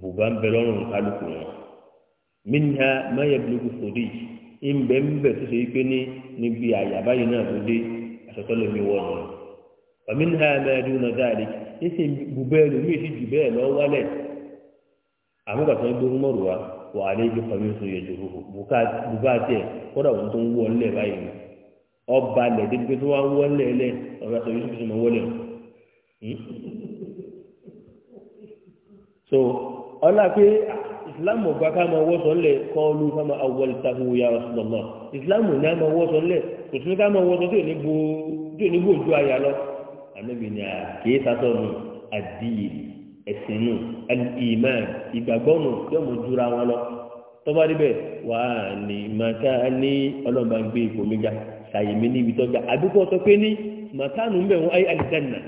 bùbá ń bẹ lọ́rùn kálukú wọn ọ̀mí ní àmẹ́rin náà dáàrí ẹsẹ̀ bùbẹ́ẹ̀lù mí ti jù bẹ́ẹ̀ lọ wálẹ̀ àmúgbàtà ń gbóhùn mọ́rù wa wà á lé ibi kan yóò sòye jù bùbá tiẹ̀ kódà wọn tó ń wọlé báyìí ọba lẹ̀ débi tó wá ń wọlé lẹ̀ ọba sọ yóò sọ ma wọlé so ọlá pé islam ọgbà ká máa wọ́sọ̀ ńlẹ̀ kọ́ọ̀lù ká máa awọ́lẹ̀ sáfù ya ọ̀sùn lọ́mọ islam ní a máa wọ́sọ̀ ńlẹ̀ kò sí ká máa wọ́sọ̀ tí ò ní bo ojú àyà lọ ànábì ni àkéé sátọ́nù àdìyẹ ẹ̀sìn nù ìmọ̀ ìgbàgbọ́ nù yóò mú jura wọn lọ tọ́ba níbẹ̀ wà á ní màtá ní ọlọ́mọba ń gbé ipò mi ga ṣàyèmí níbi tọ́jà àdúgbò sọ pé ní màtá nù ń bẹ̀ ayé àlìjánà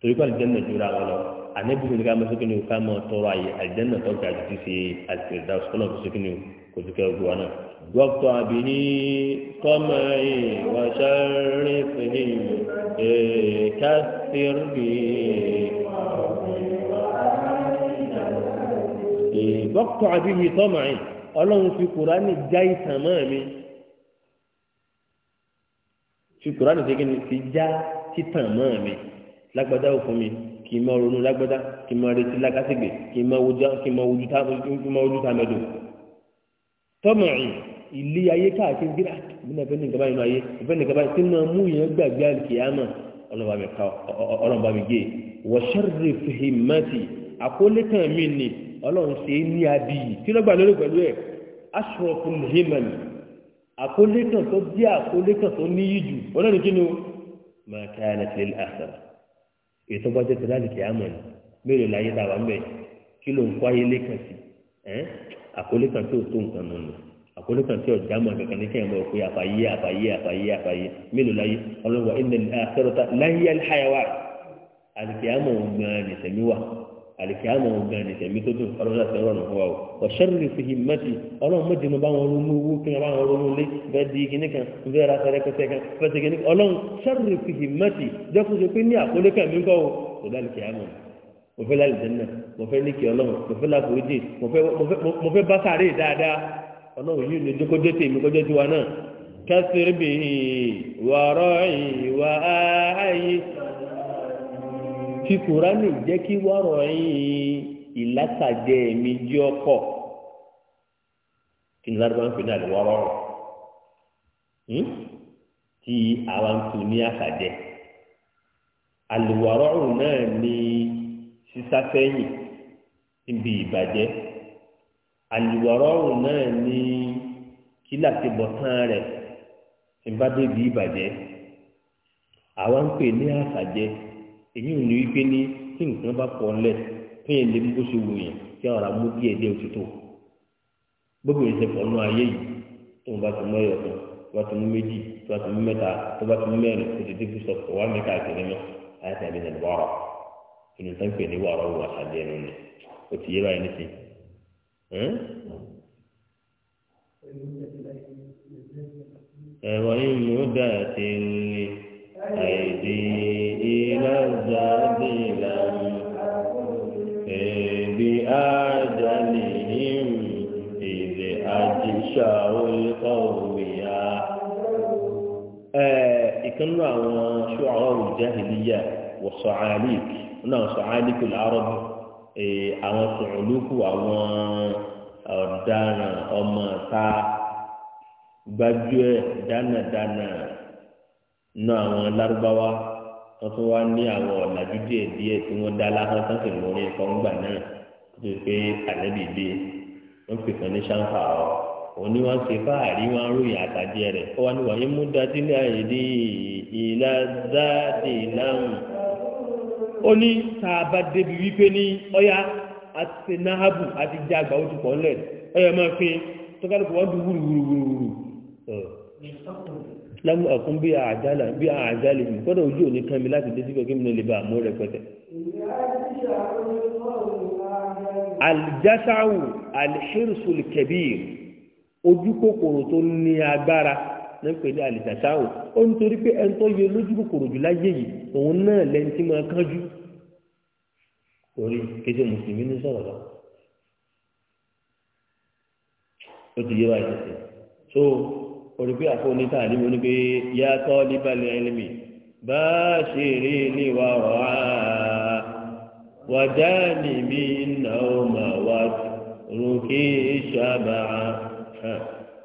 torí pé àlìjánà jura wọn lọ ànábì ni ká máa sókè ní o ká máa tọrọ àyè àlìjánà tọ́jà ti ṣe àtìrẹ́dá sọ́nà tó sókè ní o kò sí kẹ́ ọgbọ́n náà. واقطع به طمعي وشرفه كثر به واقطع به طمعي ọlọ́run fi kùránì já ìtàn mọ́ mi fi kùránì ṣe kí ni fi já títàn mọ́ mi lágbádá ò fún mi kì í máa ronú lágbádá kì í máa retí lákàtìgbè kì í máa wojú tá mẹ́dùn tọ́mọ̀ yìí ilé ayé káàkiri gíra ah, nínú ẹ̀fẹ́ nìkan báyìí nínú ayé ẹ̀fẹ́ nìkan báyìí tí mo mú yẹn gbàgbé àlùkìyàmà ọlọ́run bá mi gé wọ́ṣẹ́rì fìhìmẹ́tì àkólé kan mi ni ọlọ́run ṣe é ní abiyì kí ló gbà lórí pẹ̀lú ẹ̀ aṣọ́ọ̀fù lèhìmẹ́nì àkólé kan tó jẹ́ àkólé kan tó níyì jù ọlọ́run kí ni o máa ká ẹlẹ́tìlẹ́ àṣàrà ètò bá jẹ́ tẹ̀lé àkórí kan tí ọjà mọ kankan ní kéèyàn bọ pé àfàyè àfàyè àfàyè àfàyè mélòó láyé ọlọ́wọ́ ilẹ̀ àfẹ́rọ́ta láyé àlìháyàwá àlìkìyàmọ̀ gan nìsẹ̀mí wà àlìkìyàmọ̀ gan nìsẹ̀mí tó dùn ọlọ́dà sẹ́rọ̀ nù wà o ọ̀ṣẹ́rì fi mẹ́tì ọlọ́run mẹ́tìmọ̀ bá wọn ronú owó kí wọn bá wọn ronú lé bẹ́ẹ̀ di kíní kan bẹ́ẹ̀ ra sẹ́rẹ́ pẹ́sẹ́ kan pẹ́sẹ́ kíní ọlọ́run ṣẹ́rì fi mẹ́tì jẹ́kùsọ pé ní àkórí kan mi kọ́ o kò lálìkìyàmọ̀ mo fẹ́ lálìjẹ́ náà mo kí ọlọ́run mo fẹ́ láforíjì mo fẹ́ ọlọ́run yìí lè jókòó dé tèmi kọjá tiwa náà kẹsìrì bì wọ̀rọ̀ ìwà ayé fi kùránì jẹ́ kí wọ́rọ̀ yìí ìlàkàjẹ́ mi jẹ́ ọkọ̀ kí ni lárúbá ń pè ní àdìwọ́rọ̀ tí àwa ń tu ní àkàjẹ́ àlùwọ̀rọ̀ náà ni sísáfẹ́yìn níbi ìbàjẹ́. àlùwárọ̀rùn náà ní kílà ti bọ̀ tán rẹ̀ nígbà débi ìbàjẹ́ àwa ń pè ní àṣàjẹ èyí ò ní wípé ní tí nǹkan bá pọ̀ ńlẹ̀ pín in lè mú bó ṣe kí mú díẹ̀ gbogbo ìṣe pọ̀ ayé yìí tó ń bá ti mú ẹ̀yọ̀ tó bá ti mú méjì tó bá ti mú mẹ́ta tó bá ti mú mẹ́rin fi mẹ́ta mọ́ nàìjíríà wọ̀rọ̀ ìnùtàn pè ní wọ̀ àṣàjẹ nù ni وإن مدت أيدي إلى الزاد لم بأجلهم إذ أجشوا القوم ìkànnú àwọn ṣùgbọ́n àwọn ìjáhìlíyà wọ̀ sọ̀álík náà sọ̀álík العرب àwọn tòlókù àwọn ọ̀daràn ọmọ ta gbájúẹ̀ dánadáná nú àwọn lárúbáwá wọ́n tún wá ní àwọn ọ̀làjú díẹ̀ díẹ̀ tí wọ́n dá láhán tán sì lórí kọ́ńgbà náà tó pé àlẹ́bí dé wọ́n pè kàn ní ṣáńfà ọ́ òun ni wọ́n ṣe fáàrí wọn ròyìn àtàjẹ rẹ̀ ó wá ní wàá yín mú dájú ní àyè ní ìlà dáadé láwùn ó ní tààbà débi wípé ní ọyá àti náhàbù àti jàgbà ó ti pọ̀ ńlẹ̀ ọyá máa fi tọ́kálùkù wọ́n dùn wúruwúruwúru lámú àkún bí àjálà bi àjálà yìí kọ́dọ̀ ojú òní kan mi láti dé síbẹ̀ kí mi náà lè bá àmú rẹpẹtẹ. aljasawu alhirsul kabir ojú kòkòrò tó ní agbára ní pè ní àlìjàṣà o ó ń torí pé ẹni tó yẹ lójú kòkòrò jù láyé yìí òun náà lẹni tí máa kánjú orí kéde mùsùlùmí ní sọ̀rọ̀ lọ ó ti yé wa ìṣẹ̀ṣẹ̀ tó orí pé àfọ oníta àní ní pé yàtọ̀ níbalẹ̀ ẹlẹ́mì bá a ṣe rí ní wa rọ̀ á wàjá ni mi náà máa wá ròkè ṣàbà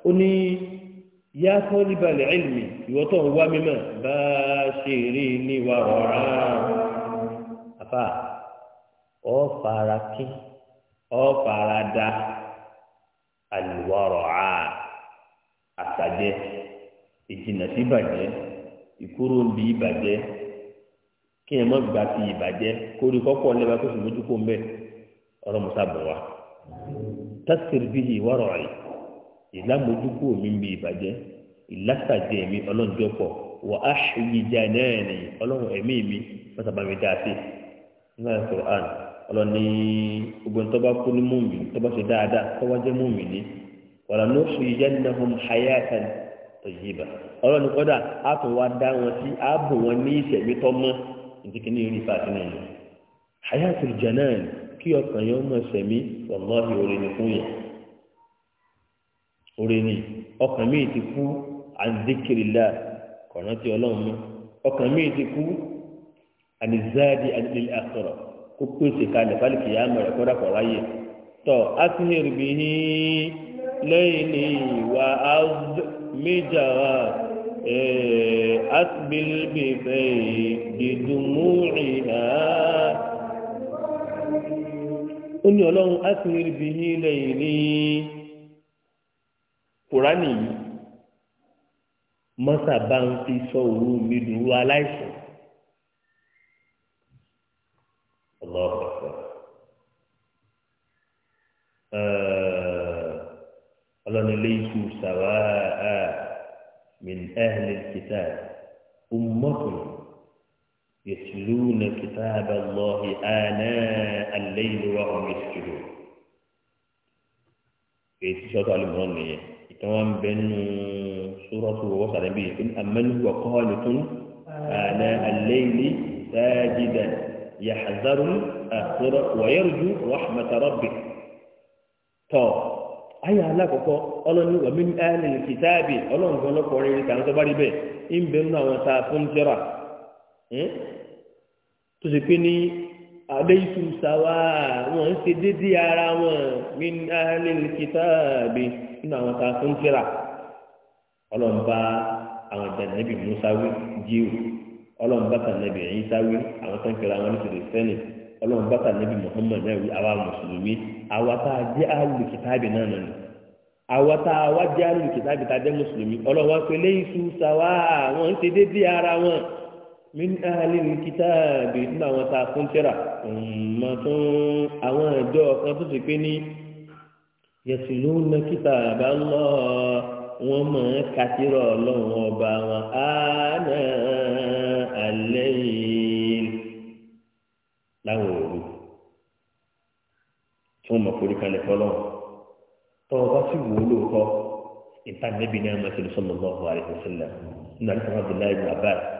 ó ní yá sọ́ọ́lì balẹ̀ ẹ̀lìmì ìwọ́ tó ń wá mímọ̀ bá ṣe rí ní wa rọ̀rá àfà ọ fara kí ọ fara da àlùwọ̀rọ̀ á àtàjẹ ìjìnà sí ìbàjẹ́ ìkúrò ń bi ìbàjẹ́ kí ẹ mọ́ gbà fi ìbàjẹ́ kórè kọ́kọ́ lẹ́bàá kó sì mójú kó ń bẹ̀ ọ̀rọ̀ musa bọ̀ wá tásìrì bíi ìwọ́rọ̀ yìí ìlàmójúkú mi ń bi ìbàjẹ́ ìlàsàjẹ́ mi ọlọ́njọ́ pọ̀ wà á ṣèyíjà náà ní ọlọ́run ẹ̀mí mi mọ́tàbámi dáa sí nígbà kúrò àn ọlọ́ni gbogbo ntọ́ba kú ní múmi tọ́ba ṣe dáadáa tọ́ba jẹ́ múmi ní wàlá ní oṣù yìí jẹ́ nahum hayatan tọ̀yìnbà ọlọ́ni kọ́dà á tún wá dá wọn sí á bù wọn ní ìṣẹ̀mí tọ́mọ́ ìdíkìní yìí nípa àti nìyẹn hayatul janan kí ọkàn yẹn mọ̀ ṣẹ̀mí wàlọ́ọ̀hì orin fún yẹn orí ni ọkàn mi ti kú àdékèrèlà kọ̀ọ̀nà tí ọlọ́run mú ọkàn mi ti kú ànizáàdì àdìlẹ̀ àsọ̀rọ̀ kó pèsè kalẹ̀ fálìkì yá mọ̀ ẹ̀kọ́ dàpọ̀ ráyè tọ́ átìhìrì bí i lẹ́yìn ní ìwà méjà wa átìbílbì fẹ́ ìdìdùmúrìnà ó ní ọlọ́run átìhìrì bí i lẹ́yìn ní kùránì yìí mọ́sà bá ń fi sọ òru mi dùrú aláìsàn ọlọ́ọ̀fẹ́ ọlọ́ni léyìí sàwá min ẹ̀hìnlẹ̀ kìtà ọmọkùn yẹtùlúùnà kìtà àbàlọ́ọ̀hì àná àlẹ́yìn wà ọmọ ìṣòro èyí sọ́tọ̀ àlùmọ́ọ̀nù yẹn tí wọ́n ń bẹ nínú sórọ́tù wọ́n sàrẹ́ bí i amẹ́nugbọ̀ kọ́ọ̀lù tún àlẹ́ alẹ́ ilé sáájídà yàhàzárù àkúrọ̀ wọ̀yẹ́rùjú wàhámàtàrọ́bì tọ́ ayé alákọ̀ọ́kọ́ ọlọ́ni wàmí alẹ́ kìtàbì ọlọ́run kan lọ́kọ̀ọ́rin ní kàńtọ́ bá rí bẹ́ẹ̀ ń bẹ nínú àwọn sáà fún jẹ́ra hmm? tó àléìsù sàwà wọn ń ṣe dédé ara wọn mí alẹ́ kìtàbí nínú àwọn tá a fún kíra ọlọ́mba àwọn ìdánilẹ́bì musawi jíò ọlọ́mba tànẹ́bì ẹ̀yìn sáwé àwọn tó ń kíra wọn ní kìrìsìtẹ́nì ọlọ́mba tànẹ́bì muhammed náà wí àwa mùsùlùmí àwa tá a jẹ́ alẹ́ kìtàbí náà nìyẹn àwa tá a wá jẹ́ alẹ́ kìtàbí tá a jẹ́ mùsùlùmí ọlọ́wọ́ pé léìsù wọn ń min ahali kitaabi nínú àwọn tá a fún tíra mọ̀ tún àwọn ìjọ kan tó ti pé ní yẹtùlú na kitaaba lọ wọn mọ̀ ń kàtírọ̀ ọlọ́run ọba wọn á náà alẹ́ yìí láwọn òru tí wọn mọ̀ forí kalẹ̀ fọlọ́ tọ́wọ́ bá sì wò ó lóòótọ́ ìtàn níbi náà mọ̀ sílùsọ́nù lọ́wọ́ àríwísílẹ̀ nínú àríwísílẹ̀ abdullahi abdullahi.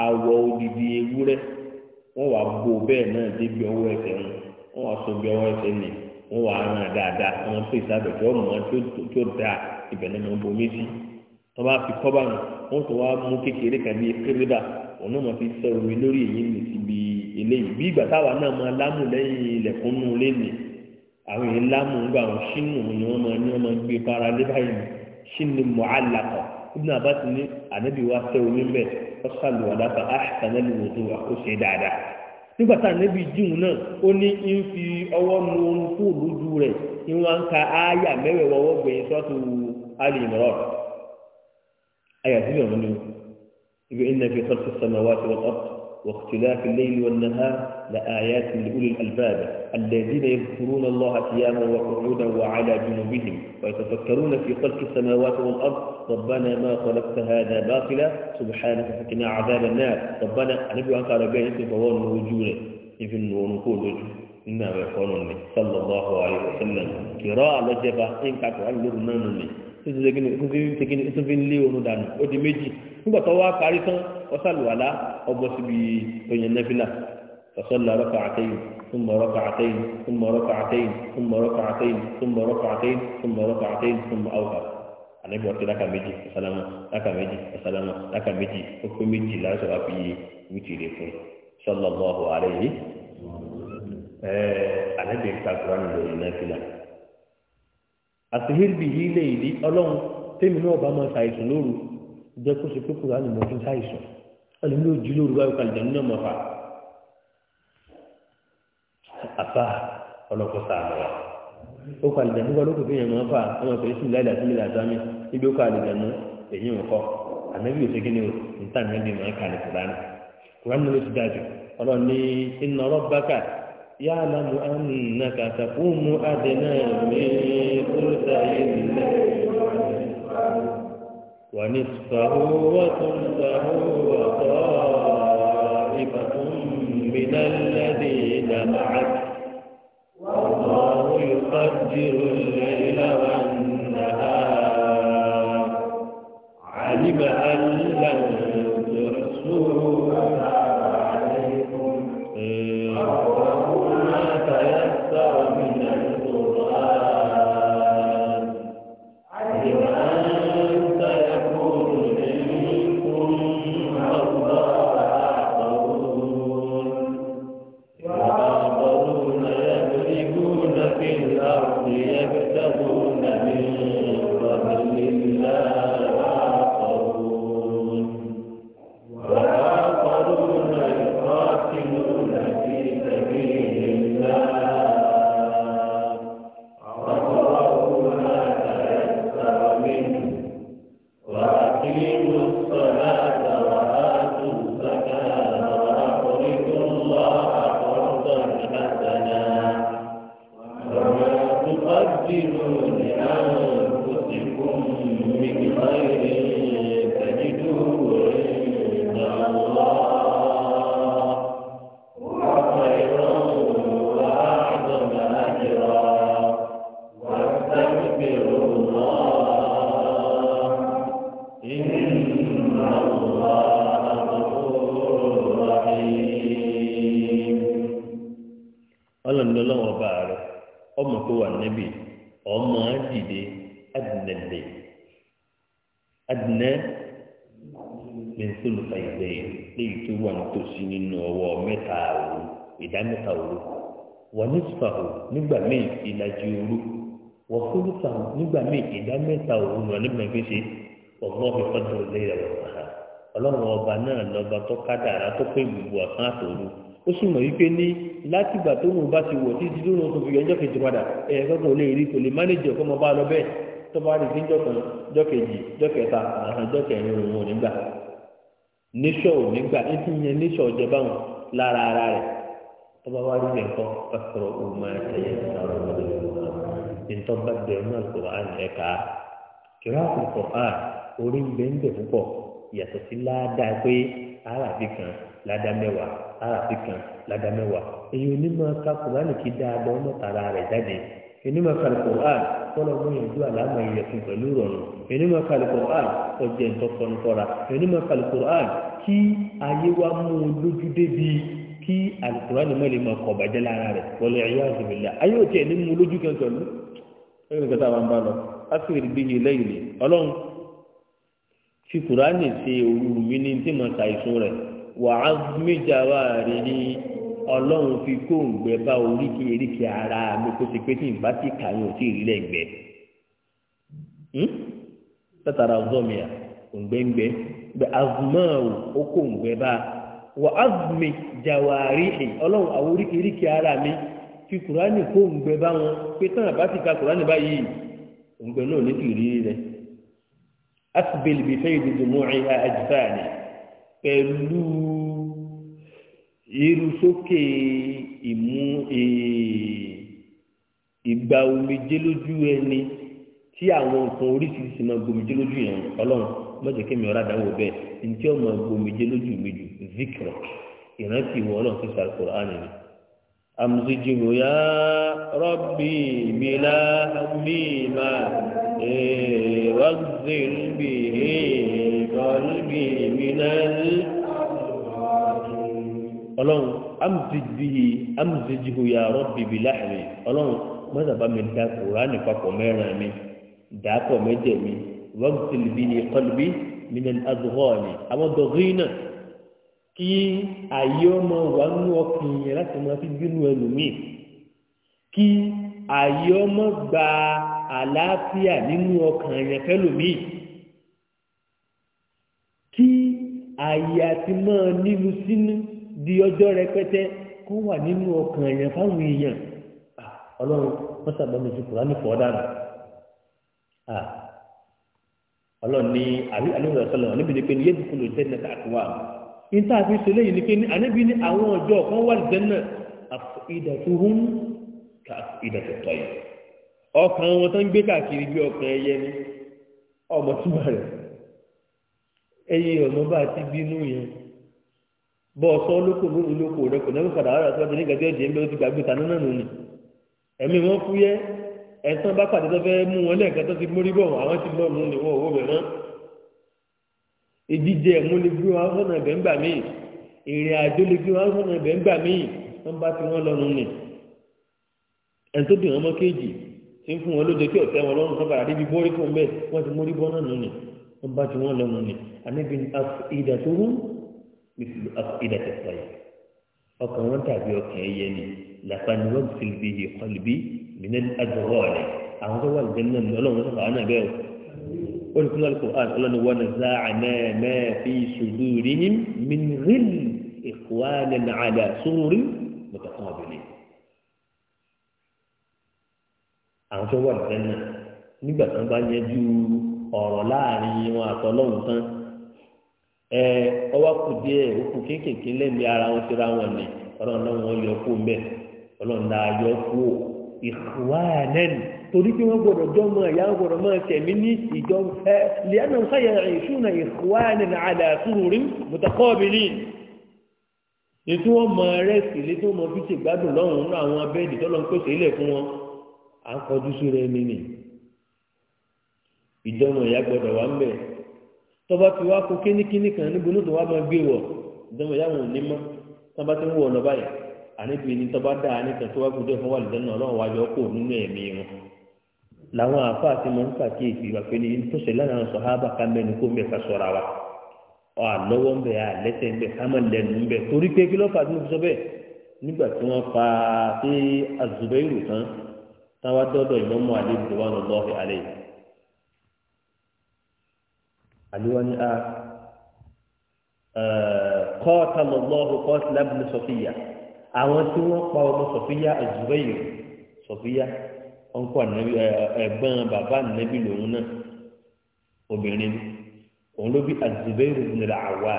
awọ odidi ewúrẹ́ wọ́n wàá bo bẹ́ẹ̀ náà débi ọwọ́ ẹsẹ̀ wọn wọ́n wàá so bí ọwọ́ ẹsẹ̀ nì wọ́n wàá ràn dáadáa wọ́n tó ìsàbẹ̀tẹ̀ ọmọ tó dáa ibẹ̀ náà mọ̀ bomi sí wọ́n bá fi kọ́bà nù wọ́n tó wá mú kékeré kan bí kérébà òun náà mọ̀ fi sẹ́ omi lórí èyí nì síbi eléyìí bí ìgbà táwa náà máa lámù lẹ́yìn ilẹ̀kùn nù lẹ́nì àwọn èyí lámù ń gbà wọn sínú ni wọ́n máa ní wọ́n máa gbé para lé báyìí sínú mọ́ àlàkọ̀ ibùdó àbá ti ní ànábì wa sẹ́ omi bẹ́ẹ̀ ọ̀sàlù àdáta àṣìṣàlẹ́lù wòtó àkóṣe dáadáa nígbà tá ànábì jùun náà ó ní ń fi ọwọ́ nu ohun kó lójú rẹ̀ ní wọ́n ń ka ááyà mẹ́wẹ̀ẹ́wọ́ ọwọ́ gbẹ̀yìn sọ́tù alìmọ̀rọ̀ àyà sílẹ̀ ni ibi ìnàfi sọ́tù sọ́nà wá sí wọ́n واختلاف الليل والنهار لآيات لأولي الألباب الذين يذكرون الله قياما وقعودا وعلى جنوبهم ويتفكرون في خلق السماوات والأرض ربنا ما خلقت هذا باطلا سبحانك فقنا عذاب النار ربنا نبي عنك على بين فوان وجونا إذن ونقول إنا يقولون صلى الله عليه وسلم كراء لجبا إنك تعلم منني tó fi ń lé oorun dànù ó di méjì nígbà tó wá parí tán ọ̀sàlùwàlá ọgbọ́n síbi oyin nẹ́fìlà فصلى ركعتين ثم ركعتين ثم ركعتين ثم ركعتين ثم ركعتين ثم ركعتين ثم أوتر anabi méjì méjì méjì méjì fi fún yìí ta kúránì lórí àtìhírìbì yìí lè rí ọlọ́run tèmi náà bá máa ṣàìsùn lóru jẹ́ kó ṣe pé kúrò ánì mọ́ fún ṣàìsùn ẹni ló jí lóru wáyé kalẹ̀ jẹun náà mọ̀ fà àfà ọlọ́kọ̀ sàmọ̀ wa ó kalẹ̀ jẹun nípa lókè fìyàn mọ́ fà ọmọ ìfẹ́ sí láìlà sí ìlà sámi ibi ó kalẹ̀ jẹun èyí ń kọ́ ànábì òṣèké ni níta ànábì máa ń kalẹ̀ kúránì kúránì ló ti dájú ọlọ́ni ìnà يعلم أنك تقوم أدنى من ثلثي الليل ونصفه وثلثه وطائفة من الذين معك والله يقدر الليل والنهار علم أن لن تحصوها tó kádàrá tó pé gbogbo ọ̀sán àtòru ó sì mọ̀ wípé ní látìgbà tó mú bá ti wọ̀ títí tó tó fi yọjọ́ kejì padà ẹ̀ẹ́dọ́ kan lè rí kò lè mánéjì ọ̀kọ́ mọ́ bá lọ bẹ́ẹ̀ tó bá rí ò ní ti yẹn wọn lára ara rẹ̀ tó bá wá rí òun máa tẹ̀yẹ yàtọ̀ sí ládàá pé aráàbí kan ládàá mẹ́wàá aráàbí kan ládàá mẹ́wàá èyí onímọ̀ ká kùránì kí dáadọ́ mọ́tara rẹ̀ jáde onímọ̀ ká kùránì kọ́lọ̀ mú yànjú àlámà ìyẹ̀fun pẹ̀lú ìrọ̀rùn onímọ̀ ká kùránì ọjọ́ ìtọ́sọ́nù kọ́ra onímọ̀ ká kùránì kí ayé wa mú un lójú débi kí alukurani mọ̀ lè mọ̀ kọ̀ bàjẹ́ lára rẹ̀ wọlé ẹ̀yà àzùmílà ayé òkè ní mú lójú kẹ́kẹ́ fi kùránì ṣe òru mi ní rẹ mo ta ìsun rẹ̀ wàá méjà wá ara mi kó ti pé tí n bá ti kà yín ò tí ì rí lẹ́gbẹ́ hmm? ọ̀dọ́mìà gbẹ ó bá wà jàwárí ẹ̀ ọlọ́run àwọn oríkì eríkì ara mi fi kùránì bá wọn pé tán àbá ti ka asibeli bi fẹ́yìí dùdùmù ìhà àjùfáàní pẹ̀lú irú sókè ìmú ìgbà omijé lójú ẹni tí àwọn nǹkan oríṣiríṣi máa gbomijé lójú yẹn ọlọ́run mọ̀jẹ̀ kí mi ọ̀rá dáwọ̀ bẹ́ẹ̀ ntí ọmọ gbomijé lójú mi jù zikiro ìrántí ìwọ ọlọ́run tó sàrò kọ̀ ánì ni. àmùsíjì wòyá rọ́bì mi lá mi واغزل به قلبي من ọlọ́run amzijihi amzijihu ya rọ́bì bi láàmì ọlọ́run mọ́sàbá mi da kùránì papọ̀ mẹ́rin mi dàápọ̀ méjì mi wọ́gùtìlì bí ní kọlùbí mìíràn azùhọ́ọ̀nì àwọn dọ̀gírí náà kí ayé ọmọ wà nínú ọkùnrin yẹn láti máa fi gbínú ẹlòmíì kí àyè ọmọ gba àlàáfíà nínú ọkàn yẹn fẹ́lòmíì kí àyè àti máa nílu sínú di ọjọ́ rẹpẹtẹ kó wà nínú ọkàn yẹn fáwọn èèyàn ọlọ́run wọ́n sàbọ̀mí ju kùránì fọ́ dára ọlọ́run ní àlùfáà sọlọ níbi ni pé ní yéèdì kúlò jẹ́ nẹ́ta àkúwà níta àfi ṣe léyìn ni pé ní àníbi ní àwọn ọjọ́ kan wà lùjẹ́ ìdàtúhún ká ìdọ̀tọ̀tọ̀ yìí ọkàn wọn tó ń gbé káàkiri bí ọkàn ẹyẹ ni ọmọ túmọ̀ rẹ̀ ẹyin ọmọ bá ti bínú yẹn bọ́ ọ̀sán olóko lóru lóko rẹ kò náà padà wà lọ́sọ́ ní gàdí ọ̀jẹ̀ ń bẹ ó ti gbàgbé ta náà nù ni ẹ̀mí wọn fú yẹ ẹ̀sán bá pàdé tó fẹ́ mú wọn lẹ́ẹ̀kan tó ti mórí bọ̀ àwọn ti lọ́ọ̀nù ni wọn ò wọ́ bẹ̀ náà ìdíje ẹ̀mú lè gbé wọn sọ́nà ẹ̀bẹ̀ ń gbà míì ìrìn àjò lè gbé wọn sọ́nà ẹ̀bẹ̀ ń gbà míì wọn bá ti wọn lọ́nu ni ẹni tó dì wọn mọ́ kéèjì tí ń fún wọn lóde kí ọ̀tẹ́ wọn lọ́rùn sábà àríbi bórí fún bẹ́ẹ̀ wọ́n ti mórí bọ́ náà nù ni wọ́n bá ti wọ́n lọ́nu ni àníbi ìdà tó rú ìdà tó pa yìí ọkàn wọn tàbí ọkàn ẹyẹ ni làpá ni wọ́n fi bí i kọlùbí mìíràn àdúrà rẹ̀ àwọn tó wà lùdẹ́ náà ni ọlọ́run sábà wọn àbẹ́ wọ́n fún wọn kùn án ọlọ́ni àwọn tó wà lọ́rẹ́ náà nígbà tí ọrọ bá yẹjú ọ̀rọ̀ láàrin wọn àtọ́lọ́hùn tán ẹ ọwọ́ kù díẹ̀ òkú ara wọn síra wọn ni ọlọ́run náà wọ́n yọ kó mbẹ́ ọlọ́run náà yọ kó ìhùwà torí pé wọ́n gbọ́dọ̀ ẹ̀yà wọn gbọ́dọ̀ mọ ẹ̀tẹ̀mí ní ìjọ ẹ ìṣúná ìhùwà rí ètò wọn mọ rẹ́sì wọn àwọn à ń kọjú sórí ẹni nì ìjọmọ ìyá gbọdọ wà ń bẹ tọba ti wá kó kínníkínní kan níbo ní tó wá máa gbé wọ ìjọmọ ìyá wọn ò ní mọ tọba ti ń wọ ọ lọ báyìí àníbi tọba dá àníkan tó wá kó dé fún wà lùdánù ọlọrun nínú ẹmí wọn làwọn ń ní lánàá sọ hábà ká mẹnu kó mẹka sọra wa ọ àlọwọ ń bẹ àlẹsẹ ń bẹ kámọ lẹnu ń bẹ torí pé kí ń sọ nígbà tí sí tán táwa dọ́dọ̀ ìmọ̀mọ́ àlè ìdùnnú lọ́ọ̀fẹ́ àlè yìí. àlùwà ni a kọ́ọ̀tà lọ́ọ̀hù kọ́ọ̀tà lábìlì sọ̀fìyà àwọn tí wọ́n pa ọmọ sọ̀fìyà àzùbẹ́yì sọ̀fìyà ọ̀nkọ́ ẹ̀gbọ́n bàbá ànábì lòun náà obìnrin òun ló bí àzùbẹ́yì nìlà àwa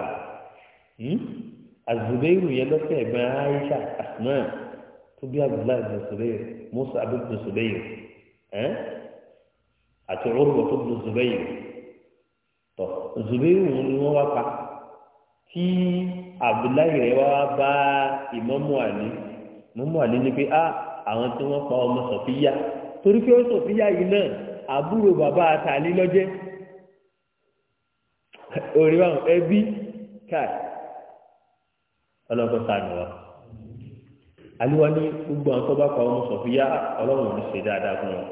àzùbẹ́yì yẹn lọ́sẹ̀ ẹ̀gbọ́n aisha asmaa tó bí abdullahi ibn zubair musa abu ibn zubair ẹ àti ọrùbọ tó ibn zubair tọ zubair wọn ni wọn wá pa tí abdullahi rẹ wá bá ìmọ̀mú àlè ìmọ̀mú àlè ni pé a àwọn tí wọn pa ọmọ sọfíyà torí pé ó sọfíyà yìí náà àbúrò bàbá àtàlí lọ́jẹ́ orí wa ẹbí káì ọlọ́kọ̀ sànù wa aliwa ní gbogbo àwọn tó bá pa ọmọ sọ fún yá ọlọ́run ò ṣe dáadáa fún wọn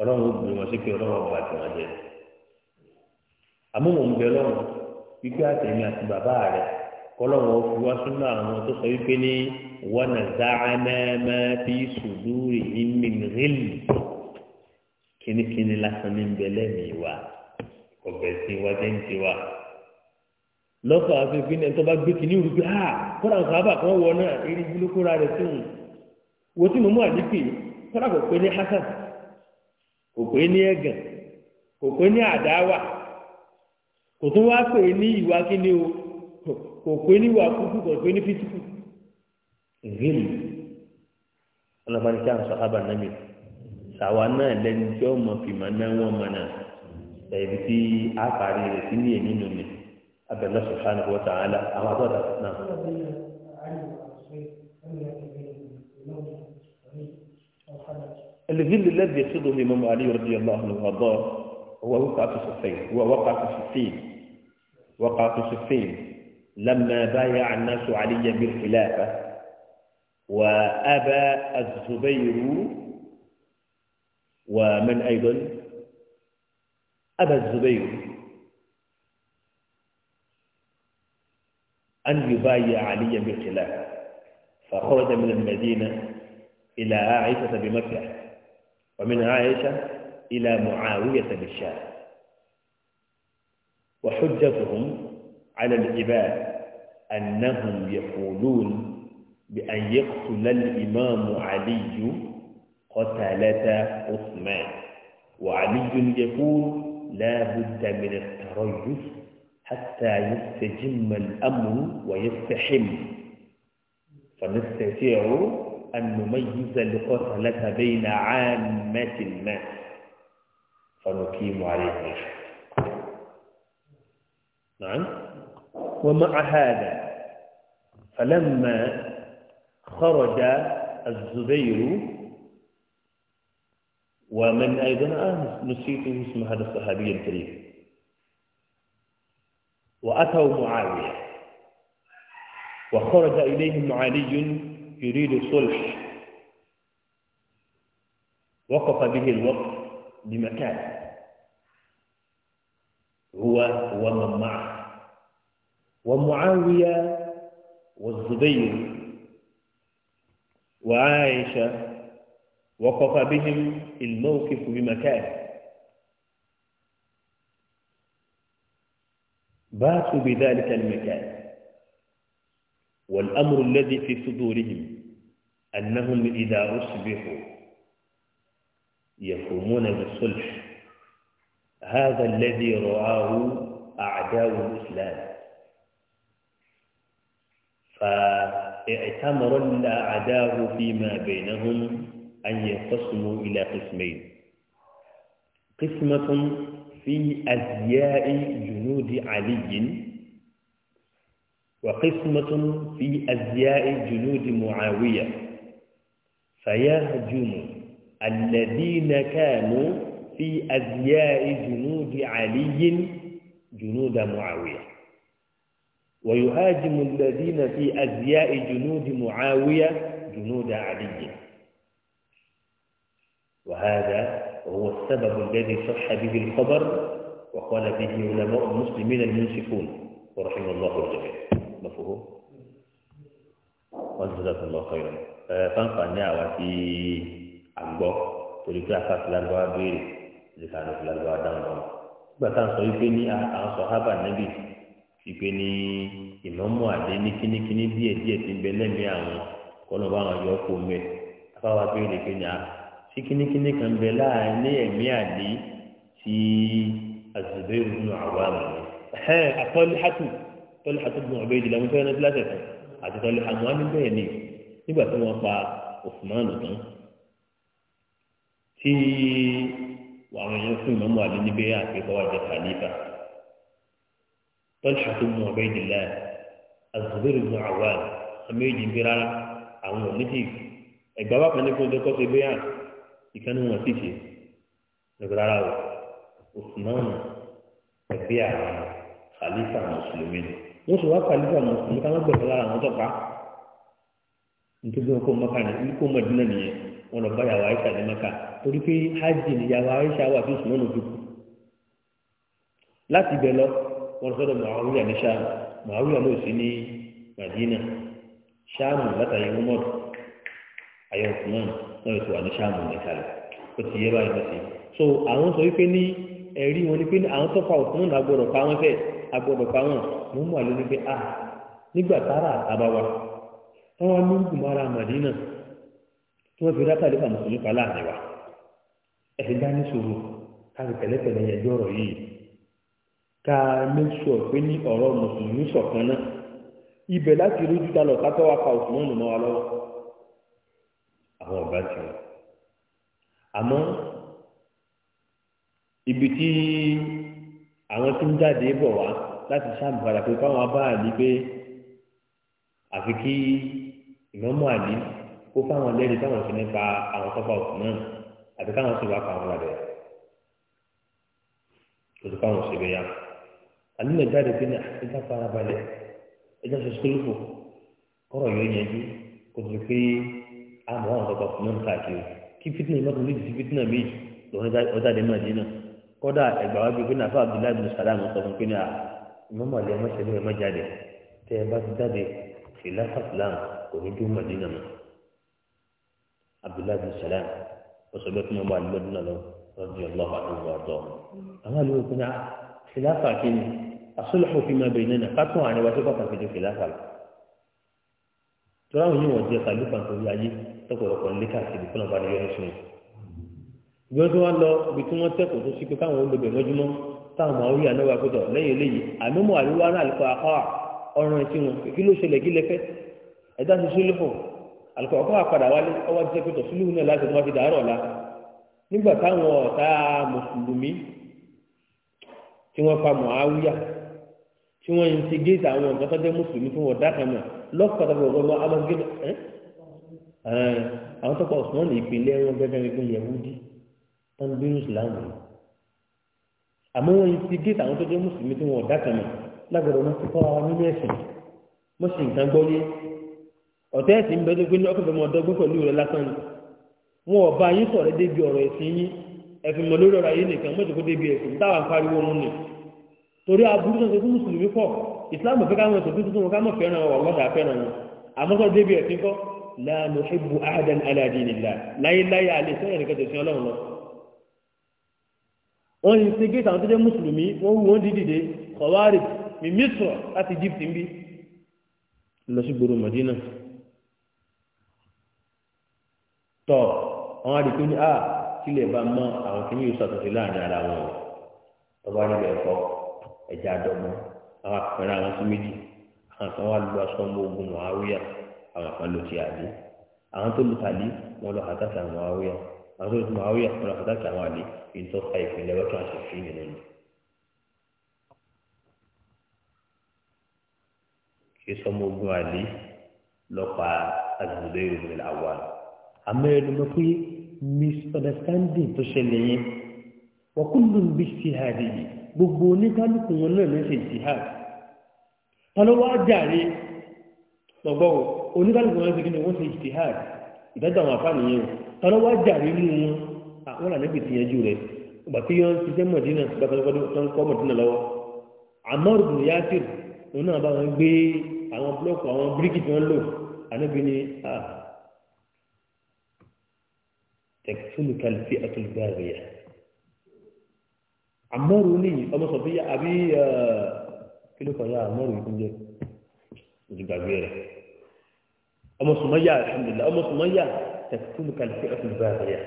ọlọ́run ó gbé wọn sí pé ọlọ́run ọba àti wọn jẹ àmúhùn ń bẹ lọ́run wípé àtẹ̀mí àti bàbá rẹ kọlọ́run ó fi wá sínú àwọn tó sọ wípé ní wọn àzá anáàmá fi sùdúrì ìmìnirìlì kínníkínní lásán ní ń bẹ lẹ́mìí wa ọ̀bẹ̀ sí wájú ń tiwa lọ́fà àfihàn ẹni tó bá gbé kìíní rú pé ha kọ́ra nǹkan àbá kan wọ náà eré ibi ló kóra rẹ̀ sí òun wo tí mo mú àdíkè kọ́ra kò pé ní hasan kò pé ní ẹ̀gàn kò pé ní àdáwà kò tún wá pè ní ìwà kíní o kò pé ní ìwà kúkú kò pé ní físíkù ìrírí ọlọ́mọdéjà ń sọ ábà náà mi sàwa náà lẹni tí ọmọ fìmọ̀ náà wọ́n mọ̀ náà ẹ̀bí tí a parí rẹ̀ sí ní èmi nù mí. أبي الله سبحانه وتعالى أعوضنا نعم الذل الذي يقصده الإمام علي رضي الله عنه وأرضاه هو وقع في صفين هو وقع في صفين وقع في صفين لما بايع الناس علي بالخلافة وأبى الزبير ومن أيضا أبى الزبير أن يبايع علي بالخلافة فخرج من المدينة إلى عائشة بمكة ومن عائشة إلى معاوية بالشام وحجتهم على العباد أنهم يقولون بأن يقتل الإمام علي قتلة عثمان وعلي يقول لا بد من التريث حتى يستجم الأمر ويستحم فنستطيع أن نميز القتلة بين عامة الناس فنقيم عليه الحد نعم ومع هذا فلما خرج الزبير ومن أيضا آه نسيت اسم هذا الصحابي الكريم وأتوا معاوية وخرج إليهم علي يريد الصلح وقف به الوقت بمكان هو ومن معه ومعاوية والزبير وعائشة وقف بهم الموقف بمكان باتوا بذلك المكان والأمر الذي في صدورهم أنهم إذا أصبحوا يقومون بالصلح هذا الذي رعاه أعداء الإسلام فاعتمر الأعداء فيما بينهم أن يقسموا إلى قسمين قسمة في أزياء جنود علي وقسمة في أزياء جنود معاوية فيهجم الذين كانوا في أزياء جنود علي جنود معاوية ويهاجم الذين في أزياء جنود معاوية جنود علي وهذا وهو السبب الذي صح به الخبر وقال به علماء المسلمين المنصفون ورحم الله الجميع مفهوم وجزاكم الله خيرا فانفعني وفي àgbọ̀ torí pé afáfilálùwà béèrè zikanu filálùwà dáhùn lọ́wọ́ nígbà tá à ń sọ wípé ní àwọn sọ̀hábà níbi wípé ní ìmọ̀mọ́ àdé ní kínníkínní díẹ̀ díẹ̀ ti ń bẹ lẹ́mìí àwọn kọ́nà bá wọn yọ kó mẹ́ afáwa béèrè pé ní a sí kínníkínní kan bẹ láàrin ẹ̀mí àdé ti azubairu nù àwa rẹ̀ ẹ̀hẹ́n àtọ́lẹ́hàtù tọ́lẹ́hàtù bùn ọ̀bẹ ìdílé àwọn fẹ́ràn ní láti ẹ̀fẹ́ àti tọ́lẹ́hàtù wọn bẹ́ẹ̀ ni nígbà tí wọ́n pa òfúnmán tán tí àwọn èèyàn fún ìmọ̀mọ́ àdé níbẹ̀ àpékọ́ wájú kàlífà tọ́lẹ́hàtù bùn ọ̀bẹ ìdílé azubairu nù àwa àmì ìdí àwọn onídìí ìkànnì wọn sì ṣe ìgbàlára o osùmọ́nù ẹgbẹ́ àwọn khalifa mùsùlùmí ni wọ́n sọ wá khalifa mùsùlùmí káwọn gbẹ̀fẹ́ lára àwọn tọ́pa nítorí kó mọ́ká ní kó mọ̀dúnà nìyẹn wọn lọ bá yàwó àyíṣà ní mọ́ká torí pé hajj ni yàwó àyíṣà wà tó osùmọ́nù dùkú láti bẹ̀ lọ wọn sọ́dọ̀ màáwúyà ní sáà màáwúyà ló sì ní màdínà sáàmù látàrí ọmọdù àyọ̀ osùmọ́nù wọn ètò àní sáàmù ó ti yé báyìí lọ sí so àwọn sọ wípé ní ẹ̀rí wọn ni pé àwọn tó fa òkun náà agbọ̀dọ̀ pa wọn fẹ́ agbọ̀dọ̀ pa wọn mo mú àlọ́ ní pé a ah, nígbà tára àtàbá wa táwọn amúnkù mara màdínà tí wọ́n fi rákàlẹ́ fà mùsùlùmí pa láàrin wa ẹ̀sìn dání sòrò káàkiri pẹ̀lẹ́pẹ̀lẹ́ yẹn dọ́rọ̀ yìí ká make sure pé ní ọ̀rọ̀ mùsùlùmí sọ̀kan náà ibẹ̀ láti rí júdà lọ àwọn ọ̀gá tí wọn. àmọ́ ibi tí àwọn tí ń jáde bọ̀ wá láti ṣàmùpadà pé káwọn bá àlí pé àfi kí ìmọ̀mọ́ àlí kó fáwọn lẹ́rìí táwọn fi nípa àwọn tọ́pọ̀ ọ̀sùn náà àti káwọn sì wá pa àwọn rẹ̀ lórí káwọn sì rẹ̀ yá. àlí náà jáde pé ní àfíjà ah, farabalẹ̀ ẹjọ́ sọ sólùfò kọ́rọ̀ yóò yẹjú kò sí pé àmọ́ àwọn ọ̀dọ́gba fún mẹ́rin káàkiri kí fitna ìmọ̀tò ní ti fitna méjì lọ́wọ́ ọ̀dàdé mọ̀dínà kọ́dà ẹgbà wá bíi pé nàfà abdullahi bin sàlámù sọ fún pé ní ìmọ̀mọ̀lẹ́ ẹmọ́sẹ̀lẹ́ ẹmọ́ jáde tẹ́ ẹ bá ti jáde fìlà fàfìlàm kò ní dún mọ̀dínà mọ́ abdullahi bin sàlámù ọ̀sọ̀ bẹ́ẹ̀ fún ọmọ alẹ́dún náà lọ́dún ọlọ́wọ́ àtúwọ̀ ọ̀dọ́ àwọn àlùwọ̀ pé ní fìlà fàkínì lọ́pọ̀lọpọ̀ létà síbi kọ́nà bá yọ nísìn bí wọ́n tún wá lọ ibi tí wọ́n tẹ̀kọ̀ tó sí pé káwọn olùbẹ̀ mọ́júmọ́ táwọn máa rí ànáwó àgbẹ̀dọ̀ lẹ́yìn eléyìí àmọ́mọ́ àríwá náà àlùkò àkọ́ ọ̀ràn tí wọn kí ló ṣẹlẹ̀ kí lẹ́fẹ́ ẹ̀dá ti súlùfù àlùkò àkọ́ àpadà wálé ọwọ́ ti sẹ́kọ̀tọ̀ súlùfù náà láti wọ́n fi dàárọ̀ la nígbà táwọn ọ̀tá mùsùlùmí tí wọ́n pa mọ̀áwíyà tí wọ́n ń ti géètì àwọn ọ̀gá tó jẹ́ mùsùlùmí fún ọ̀dá kan náà lọ́kọ̀ọ́ Eh, àwọn tọkọ ọsùn ní ìpínlẹ̀ wọn gẹ́gẹ́ bí pé yẹwúdí wọn bí islam yìí àmọ́ wọn ti géètì àwọn tó jẹ́ mùsùlùmí tí wọn ọ̀dà kan mọ̀ lágbàdo wọn ti kọ́ ara nínú ẹ̀sìn wọn sì nǹkan gbọ́ yé ọ̀tẹ́ ẹ̀sìn ń bẹ tó gbé ní ọkọ̀ ìfọmọ ọ̀dọ́gbọ́n pẹ̀lú rẹ lásán ni wọn ọba yín sọ̀rọ̀ débi ọ̀rọ̀ ẹ̀sìn yín ẹ̀sìn mọ̀ lórí ọ̀rọ̀ ayé nìkan mọ̀jọ̀ kó débi ẹ̀sìn táwọn pariwo wọn nì torí aburú náà ṣe fún mùsùlùmí pọ̀ ìsìlámù fẹ́ káwọn ẹ̀sìn tuntun wọn ká mọ̀ fẹ́ràn wọn ọlọ́dà fẹ́ràn wọn láàánú ṣíbù áhàdán aláàdínilá láyéláyé alẹ́ sọ́yìn nìkan tó fi ọlọ́run lọ. wọ́n yìí ṣe géètà àwọn tó jẹ́ mùsùlùmí wọ́n wù wọ́n dídìde kọ̀wárì mímísọ̀ láti egypt ń bí lọ sí gbòòrò mọ̀dínà. tọ́ àwọn àdìpé ní a ah, kílẹ̀ bá mọ àwọn kìíní yóò ṣàtúnṣe láàrin ara wọn ọba nílẹ̀ ẹ̀kọ́ ẹ̀já àdọ́gbọ́n àwọn àpẹẹrẹ àwọn sí méjì àwọn kan àwọn kan ló ti àdé àwọn tó lu tàlí wọn lọ àtàkì àwọn awíyà àwọn tó lu tàlí awíyà wọn lọ àtàkì àwọn àlè èyí tó fa ìpínlẹ̀ wọ́n tó àṣẹ fi nínú ni. kí sọmọ ogun àlè lọ́pa àdúgbò ìròyìn làwọn àmọ́ ẹnu mọ́ pé misunderstanding tó ṣẹlẹ̀ yẹn wọ́n kún ló ń bí ṣìhàdì yìí gbogbo oníkálukú wọn náà ló ṣe ṣìhàdì ta ló lọ́gbọ́n o oníkálùkù wọn ṣe kí ni wọ́n ṣe ìtìhàd ìdájọ́ àwọn àfáàní yẹn tọ́lọ́ wá jà nínú wọn àwọn àlẹ́bí ti yanjú rẹ̀ ìgbà tí wọ́n ti jẹ́ mọ̀dínà tó ń kọ́ mọ̀dínà lọ́wọ́ àmọ́rù bùnú yásìr òun náà bá wọn gbé àwọn búlọ́ọ̀kù àwọn bíríkì tí wọ́n lò àlẹ́bí ni tẹ̀kítúlù kàlífì àtúlùgbàrìyà àmọ́rù ní ọmọ rẹ̀ ọmọ sùmọ́yà alhamdulilayi ọmọ sùmọ́yà tẹ̀kítúmù kàlífì ọ̀sùn báyà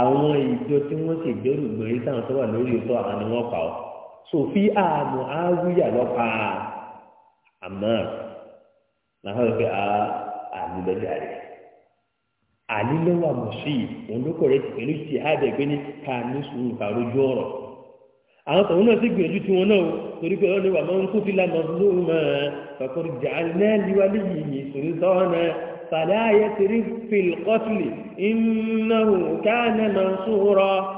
àwọn ìjọ tí wọ́n sì gbẹ́rù gbèrè táwọn tó wà lórí ìtọ́ àwọn ni wọ́n pa ọ́ sòfí àmọ́ áwúyà lọ́pa àmọ́ làwọn fẹ́ a àlùbẹ́jà rẹ̀ àlílẹ́wà mọ̀sí òun ló kọ̀ rẹ̀ ti pẹ̀lú ti àdẹ̀ pé ní ká ní sùúrù ká lójú ọ̀rọ̀ àwọn tọ̀hún náà sì gbìyànjú tiwọn náà torí pé ọlọ́ni فقل جعلنا لوليه سلطانا فلا يسرف في القتل إنه كان منصورا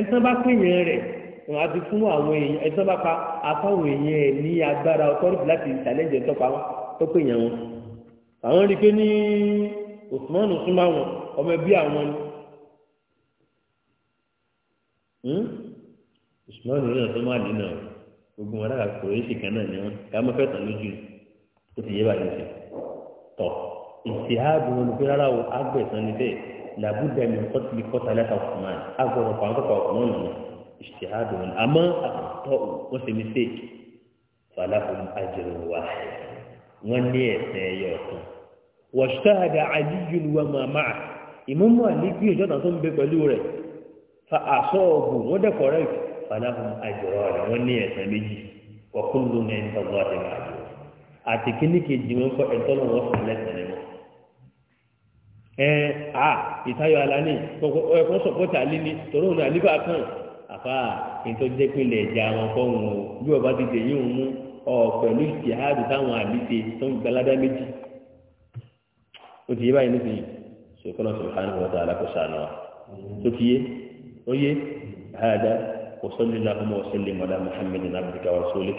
ẹ̀sán bá pè yẹn rẹ̀ wọn a ti fún àwọn èèyàn ẹ̀sán bá pa afáwọn èèyàn ẹ̀ ní agbára ọtọ́rìtì láti ìtàlẹ́jẹ̀ tọ́pa tó pè yẹn wọn. àwọn rí i pé ní osùmọ́nù súnmọ́ wọn ọmọ ẹbí àwọn ni osùmọ́nù hmm? yóò tó má dín náà. ogun wọn lára kòrò èsì kan ni wọn ká mọ fẹ́ tán lójú ó ti yé báyìí sí tọ ìṣe ààbò wọn pé rárá o agbẹ̀sán ni bẹ́ẹ̀ làbúdà mi kọ́ ti kọ́ta lẹ́ta ọ̀kùnrin agbọ̀rọ̀ pàǹkọ́pà ọ̀kùnrin nù ìṣe ààbò wọn àmọ́ àtọ̀ wọn ṣe wa wọn ní ẹsẹ ẹyọ ọtún ìjọ́ta tó ń bẹ pẹ̀lú rẹ̀ fa àṣọ ọ̀gùn wọ́n falahun àjọrọ rẹ wọn ní ẹsẹ méjì wọkúlù ní ẹni tọgbọ ọdẹ na jọ àti kíní kejì wọn kọ ẹtọ lọ wọn fún lẹsẹ ní wọn. ẹ a ìtayọ alani ẹkọ sọpọtà alini tọrọ kan àfa ìtọjẹ àwọn o bí ọba ọ pẹlú ìtìhádù táwọn tó ń gbalada méjì. o ti yé báyìí nísìnyí وصل اللهم وسلم على محمد عبدك ورسولك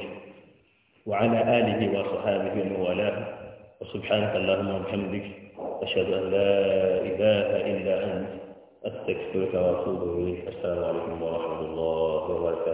وعلى آله وصحابه ومن وسبحانك اللهم وبحمدك أشهد أن لا إله إلا أنت أستغفرك وأتوب إليك السلام عليكم ورحمة الله وبركاته